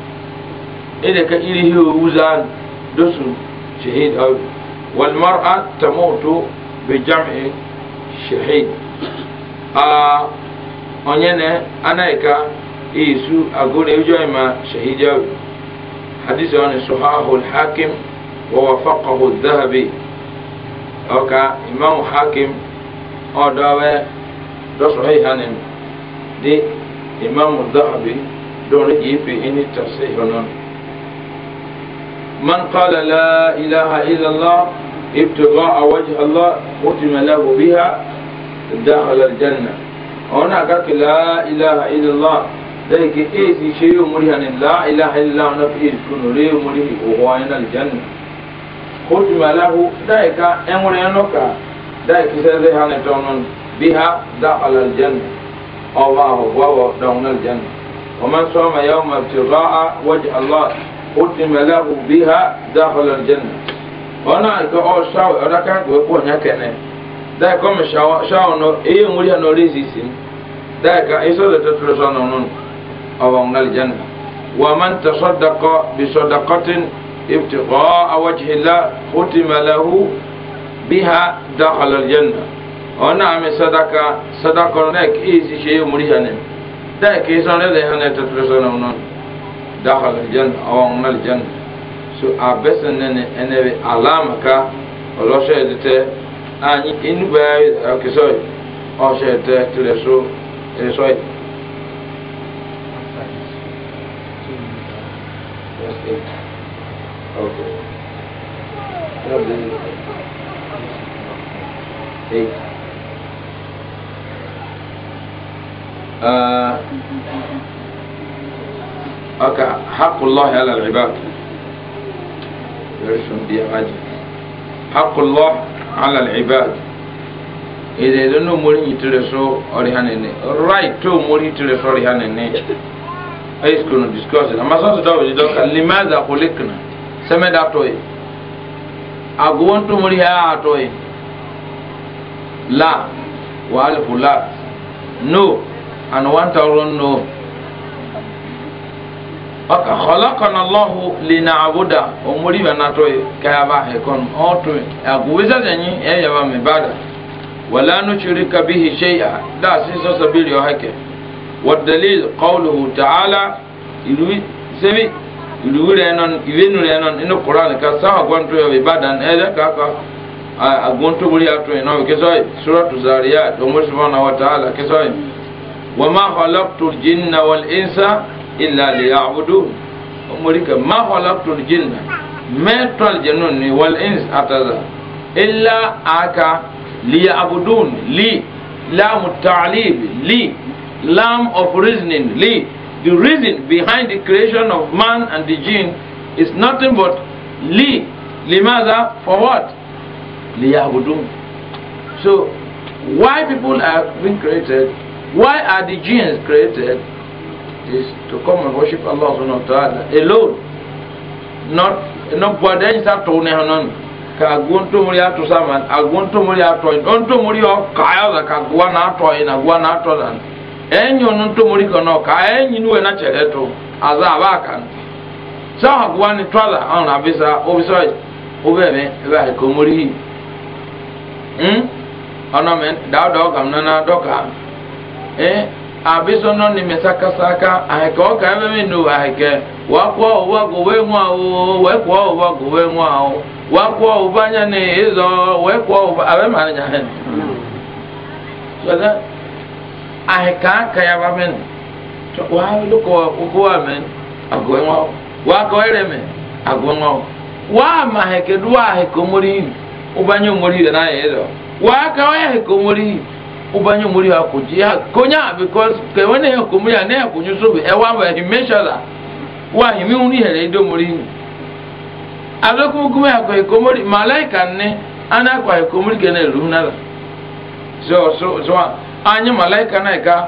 ɛdɛ ka irihi owu zan dosu shahid ɔwi walmar'a tamutu bi jam'i shahid aa ɔnyɛnɛ anayika isu agone ujɔ ima shahid ɔwi hadisi wani suhahu hakim wa wafaqahu dhahabi ɔka imamu hakim ɔdɔwɛ dɔsɔhi hanin de imam zahabi dɔɔni k'i fi i ni tafsir nɔ man qala la ilaha illallah ibtigaa wajhi allah utima lahu biha dakhala aljanna ona ka ke la ilaha illallah dai ke e si shi yo muri hanin la ilaha illallah na fi kunu re muri o wa ina aljanna utima lahu dai ka en wuri enoka dai ki sai hanin tonon biha dakhala aljanna الله وهو دون الجنة ومن صام يوم ابتغاء وجه الله ختم له بها داخل الجنة وانا اكو او شاو اراكا وكو نكنه دا كوم شاو شاو نو اي مولي نو ريزيسين دا كا ايسو تترسون نون او الجنة ومن تصدق بصدقة ابتغاء وجه الله ختم له بها داخل الجنة na-amị sadaka sadaka nek izi che muri hanen da ke sone le hanen to to sone non dakhal al janna aw so abesen ne enewe alama ka olo shedete ani inu ba ke so edite shedete so e so Okay. Eight. ọkà uh, hakulọ́ọ̀hì alàlùbá very soon bí abájá hakulọ́ọ̀hì alàlùbá èdè èdè ní omori yìí tirẹ̀ sọ ọ̀rẹ́ hàn ní right tó omori tirẹ̀ sọ ọ̀rẹ́ hàn ní ayé sikunu discuss ẹ̀ àmà sọ́sọ́ dáwọ̀ yìí dọ́kà limaza kulikna sẹ́mẹ́dà tó yìí agbowon tó omori yà á tó yìí la wàhálà fúlà no and one thousand no ọkà kọlákan aláhu lena abuda omori banatọ kayaba hekọn ọtún agbóhùnsá sẹyìn ẹ yaba mi bada wàlá nùsùrí kabi hìṣẹyà dáa sísọ sabiri ọhẹkẹ wàdàlí kọlùhù tààlà ìlú sẹbi ìlú rẹ nọn ìwé nu rẹ nọn inú kuran ká sáwà gbọǹtò yọ ìbàdàn ẹ dẹ kàkà agbóhùntòbórí àtúnyìn náà kẹsọ yìí sọrọ tùsàríyà tó mọṣúmọ náà wà tààlà kẹsọ yìí. وما خلقت الجن والإنس إلا ليعبدون أمريكا ما خلقت الجن ما الجنون والإنس أتذا إلا أكا ليعبدون لي لام التعليم لي lam of reasoning li the reason behind the creation of man and the jinn is nothing but li limaza for what liyabudun so why people are being created Why are the jinns created? Is to come and worship Allah subhanahu wa ta'ala alone. Not not bwada eh, nyisa to ne hanon ka gunto muri ato saman agunto muri ato in onto muri o kaya da ka gwa na ato in agwa na ato dan enyo nonto muri kono ka enyi nuwe na chereto aza abakan sa agwa ni twala on abisa obisa obeme ba ko muri hmm ona men da na na eh abiso no ni mesaka saka ahike ọka ebe mi nu ahike wakwa ụwa gowe nwa o wekwa ụwa gowe nwa ahụ wakwa ụba anya na ịzọ wekwa ụba abe ma anya hen sọdọ ahike aka ya ba men wa lukọ ukuwa men agowe nwa o wakọ ere men agowe nwa ahụ. wa ma ahike duwa ahike omori ụba anya omori ya na ahịa ịzọ wa aka ọ ya ahike omori ya ụbanye omori ya kwụji ya konye ha bikos ka na ya ka omori sobe ewa mgbe himeshọla nwaanyị mi nwụrụ ihere edo omori nyi alụkumukume kwa ekomori malaika nne ana akwa ga na nala anyị malaika na ka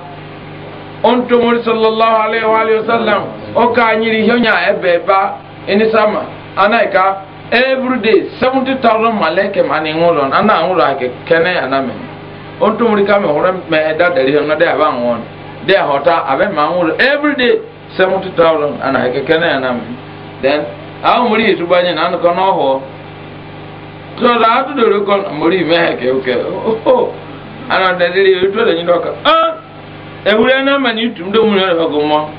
sallallahu wa ihe a ebe ebe enisama every day 70,000 malaika ma na ụlọ kene ya onto muri kame hore me da dari na da ba ngon da hota abe ma ngur every day 70000 ana heke kana na then awu muri tu banye na no kono ho to da tu do ko muri me heke oke oh ana da dari to da nyi doka ah ehuri na ma ni tu ndo muri na ko mo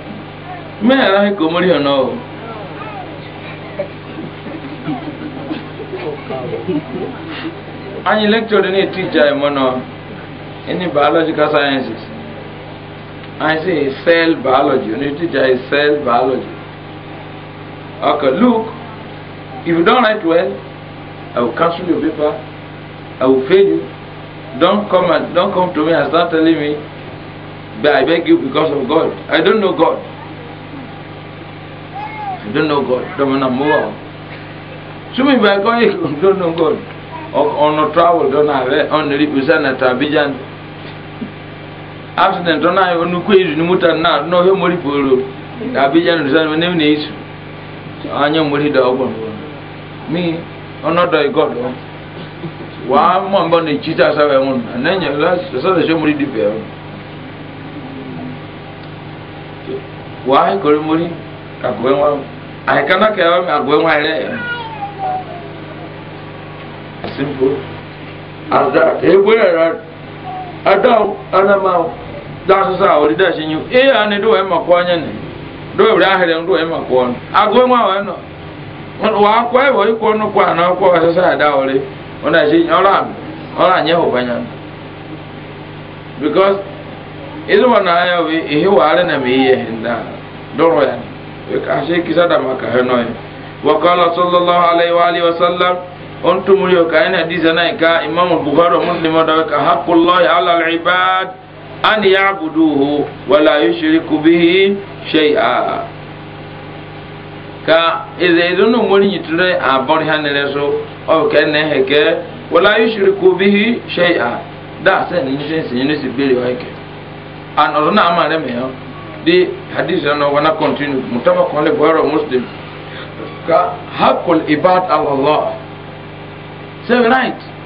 me ra ko muri no anyị lekchọrị na-eti ije anyị mọnụ in the biological sciences. I say cell biology. You need to teach cell biology. Okay, look, if you don't write well, I will cancel your paper. I will fail you. Don't come and don't come to me and start telling me but I beg you because of God. I don't know God. I don't know God. Don't wanna move on. So me by God, don't know God. Or on no travel, don't have on eh, the representative Abidjan. absent ọ na-ayọ nnukwu eri n'ụta na n'ọhịa mori pụrụ abịja na ụzọ na na esu anya mori da ọgbọ mi ọnọdụ igọdụ wa mọ mbọ na echita asawa enwụ na enye ọsọsọ ṣe mori dịbịa ya wa ekore mori agụwe nwa kaya ka ya agụwe nwa ere ya simple ada egwere ada anamawo dasusa awori da shinyu e ani do ema ko anyane do bra hare do ema ko on ago ma wa no wa ko e wo ko no kwa na ko wa sasa da ore ona shi ora ora nye ho banyan because ilu wana ayo we ehe wa are na me ye hinda do ro ya we ka she kisa da maka he no wa qala sallallahu alaihi wa alihi wa sallam on tumuri ka ina dizana ka imam bukhari muslim da ka haqqullahi ala al ibad an ya'buduhu wa la yushriku bihi shay'a ka ize idunu mori yiture abori hanere so o ke ne heke wa la yushriku bihi shay'a da se ni se se ni se an oro na me yo di hadith no wana continue mutaba ko le boro muslim ka hakul ibad allah seven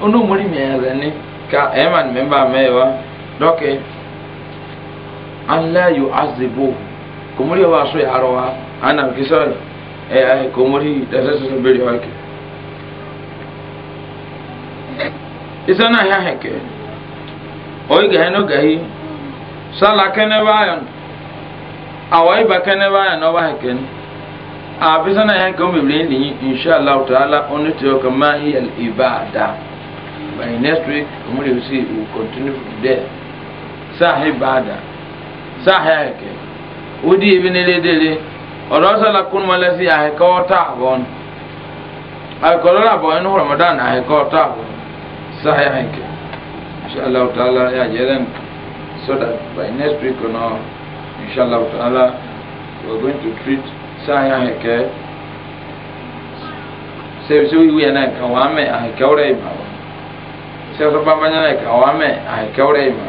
onu me ya ka eman member me an la yu azibu kumuri wa so ya rawa ana kisa eh ai kumuri da sai su bere wa ke isa na ya heke oyi ga no ga sala kene ba yan awai ba kene ba yan no ba heke a bisa na ya heke mu bere ni insha Allah ta'ala onu to kama hi al ibada by next week kumuri will see we continue there sahibada saha yake udi ibini ledele ọdọ sọlá kún mọ lẹsí àhẹkọ ọtá àbọn àhẹkọ lọrọ àbọn inú ramadan àhẹkọ ọtá àbọn saha yake inshallah taala yà jẹrẹ so that by next week or inshallah taala we are going to treat saha yake sẹbi sẹ wíwí yẹn náà kàn wá mẹ àhẹkẹ ọrẹ yìí mà wọn sẹbi sọ bàbá yẹn náà kàn wá mẹ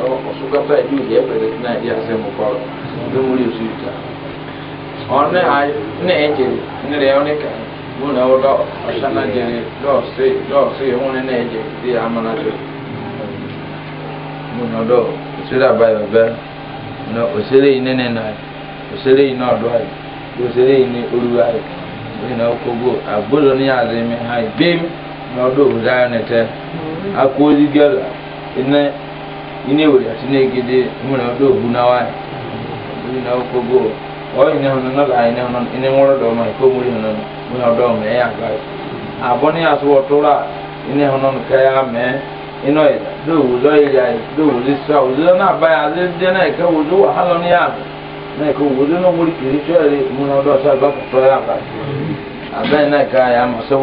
ọ̀sùnkọ́tà ìlú ìdí ẹ̀pẹ̀lẹ̀ tí náà ìdí àṣẹ mú kọ́ lómúlì òsì ìta ọ̀nà ní na nílẹ̀ ọ̀nìkà na ọ̀dọ̀ ọ̀ṣánájẹrẹ lọ́ọ̀sì lọ́ọ̀sì ìhún ní ẹ̀jẹ̀ tí a máa nájọ múnà ọ̀dọ̀ òṣèré àbáyọ̀ bẹ́ẹ̀ na òṣèré yìí nínú náà òṣèré yìí náà dọ́ọ̀ na ha ìbéèmí na ozi ine wuri ati ne gidi muna do bunawa ina ko go o ina hono na la ina hono ina woro do ma ko muri hono muna do me ya ga aboni asu otura ina hono ka ya me ino ida e, do wu lo e ya do wu li sa wu na ba ya le de na e ka wu do halo ni ya na ko wu do no muri kiri so ere muna do sa ba ko ya ga abai na ka ya ma so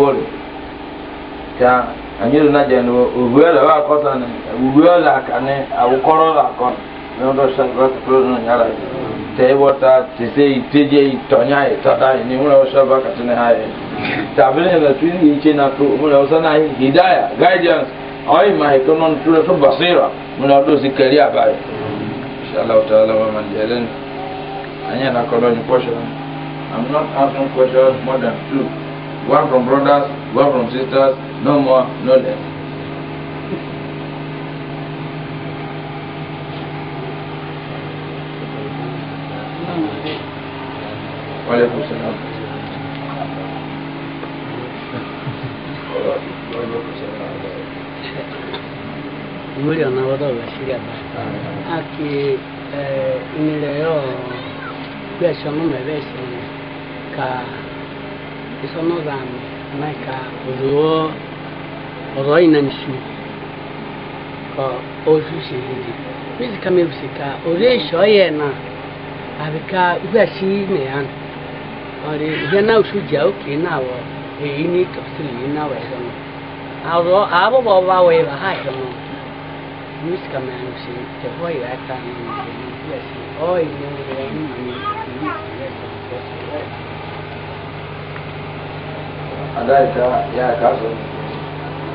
ta anyiru na jẹun wo òwú ẹ lọ́wọ́ ni òwú ẹ là kà ni àwòkọ́rọ́ ní ọdọ ṣàgbọ́ kúrò nù yàrá tẹ ẹ wọta ìtẹjẹ ìtọ́nyá ìtọ́dá yìí ni múlẹ̀ ọ̀ṣọ́ bá kàtí ní ayẹ tàbí ní ẹ̀rọ tún yìí ṣe náà tó múlẹ̀ náà yìí hidaya guidance ọ̀yìn máa ètò náà tún lọ tó basira múlẹ̀ ọdọ sí kẹrí àbáyé ṣàlá ọ̀tá ọlọ́wọ́ máa jẹ lẹ́nu àyẹ̀ náà kọ́ lọ́yìn pọ́ṣọ́ I'm not asking questions more than two one from brothers one from sisters no more, no less. وعليكم السلام Muri ọ̀nà ọ̀dọ̀ rẹ̀ sí ẹ̀bà. A kì ìmìlẹ̀ yọ gbẹ̀sọ̀ mú mẹ́rẹ̀ sí ka ìsọ̀nà ọ̀gá mi, mẹ́ka òdòwó ọ̀rọ̀ ina nsuo ka ɔresusu yie misika mi bisika ɔre ehyia ɔyɛ na abika wiase na ya no ɔre yɛ na osu gya oke na awɔ eyi ni kapsule yi na awɔ ɛhɛ no awɔ abɔbɔ ɔba awɔ yɛ ba ha ɛhɛ no misika mi ano si ɛhɔ yɛ ata na ɛhɛ no wiase ɔyɛ na ɔyɛ na ɛhɛ no adaika ya kaso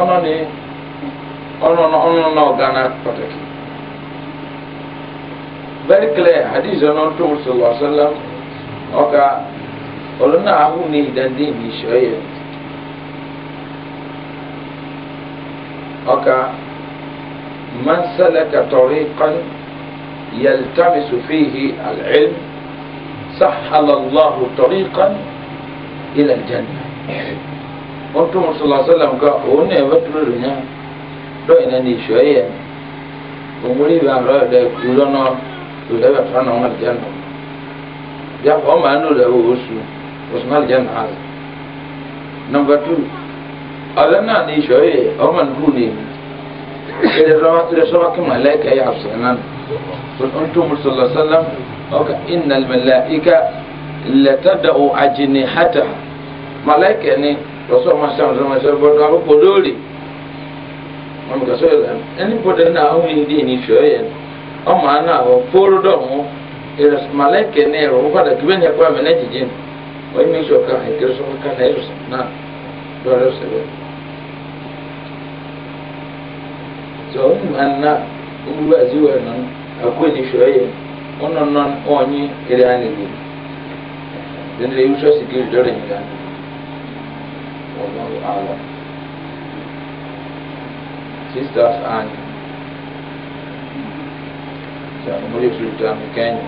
ọ̀nà ni ọ̀nà ọ̀nà náà gánà pàtàkì. very clear hadith ọ̀nà tó wọ́n sọ wọ́n sọ́lá ọ̀ka ọ̀lọ́ náà ahù ní ìdándé mi sọ yẹ. ọ̀ka man sálẹ̀ka tọ̀rí kan yaltamisu fihi al'ilm sahala allahu tariqan ila aljanna mɔtu musulasalam ka òun náà bá dúró lónìí dɔɔyin náà ní ìṣó yẹ òmùrí ìbá àrọ ẹ̀dá ìkú lọ́nà lòlẹ́ bẹ̀ fún àwọn àlìjáná jáfọ́ ọmọ àánú rẹ̀ wò oṣù oṣù náà àlìjáná hà sí. nọmba tù ọ̀lẹ́ náà ní ìṣó yẹ ọmọ nìkú ní èmi kéde sọ́wọ́ kéde kí màlẹ́kà yà àfẹ́ náà mɔtu musulasalam ọkà ìnàlmẹ̀lẹ́ ìka lẹ́tàdà ò àjìnnì hàtà ni. lọ́sọ̀ ọmọ sáà ọ̀sọ̀ ọmọ sáà bọ́ọ̀lù àwọn kòdó rè wọn kà sọ ẹni bọ́dọ̀ náà àwọn yìí dì ní ìfẹ́ yẹn ọmọ àná àwọn póró dọ̀hún ìrẹsìmọ̀lẹ́kẹ̀ ní ẹ̀rọ wọn padà kíbẹ̀ ní ẹ̀kọ́ àmì náà jìjì na yìí na ká ẹ̀kẹ́ sọ ká náà ẹ̀rọ náà lọ́rọ̀ sẹ̀lẹ̀. sọ wọn mọ àná olúwa àziwọ̀ ẹ̀ náà àkó ní ìfẹ́ yẹn wọn nọ nọ والله أعلم Sisters and Jamhuriyat Sultan Kenya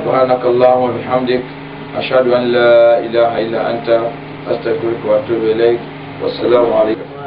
سبحانك اللهم وبحمدك أشهد أن لا إله إلا أنت أستغفرك وأتوب إليك والسلام عليكم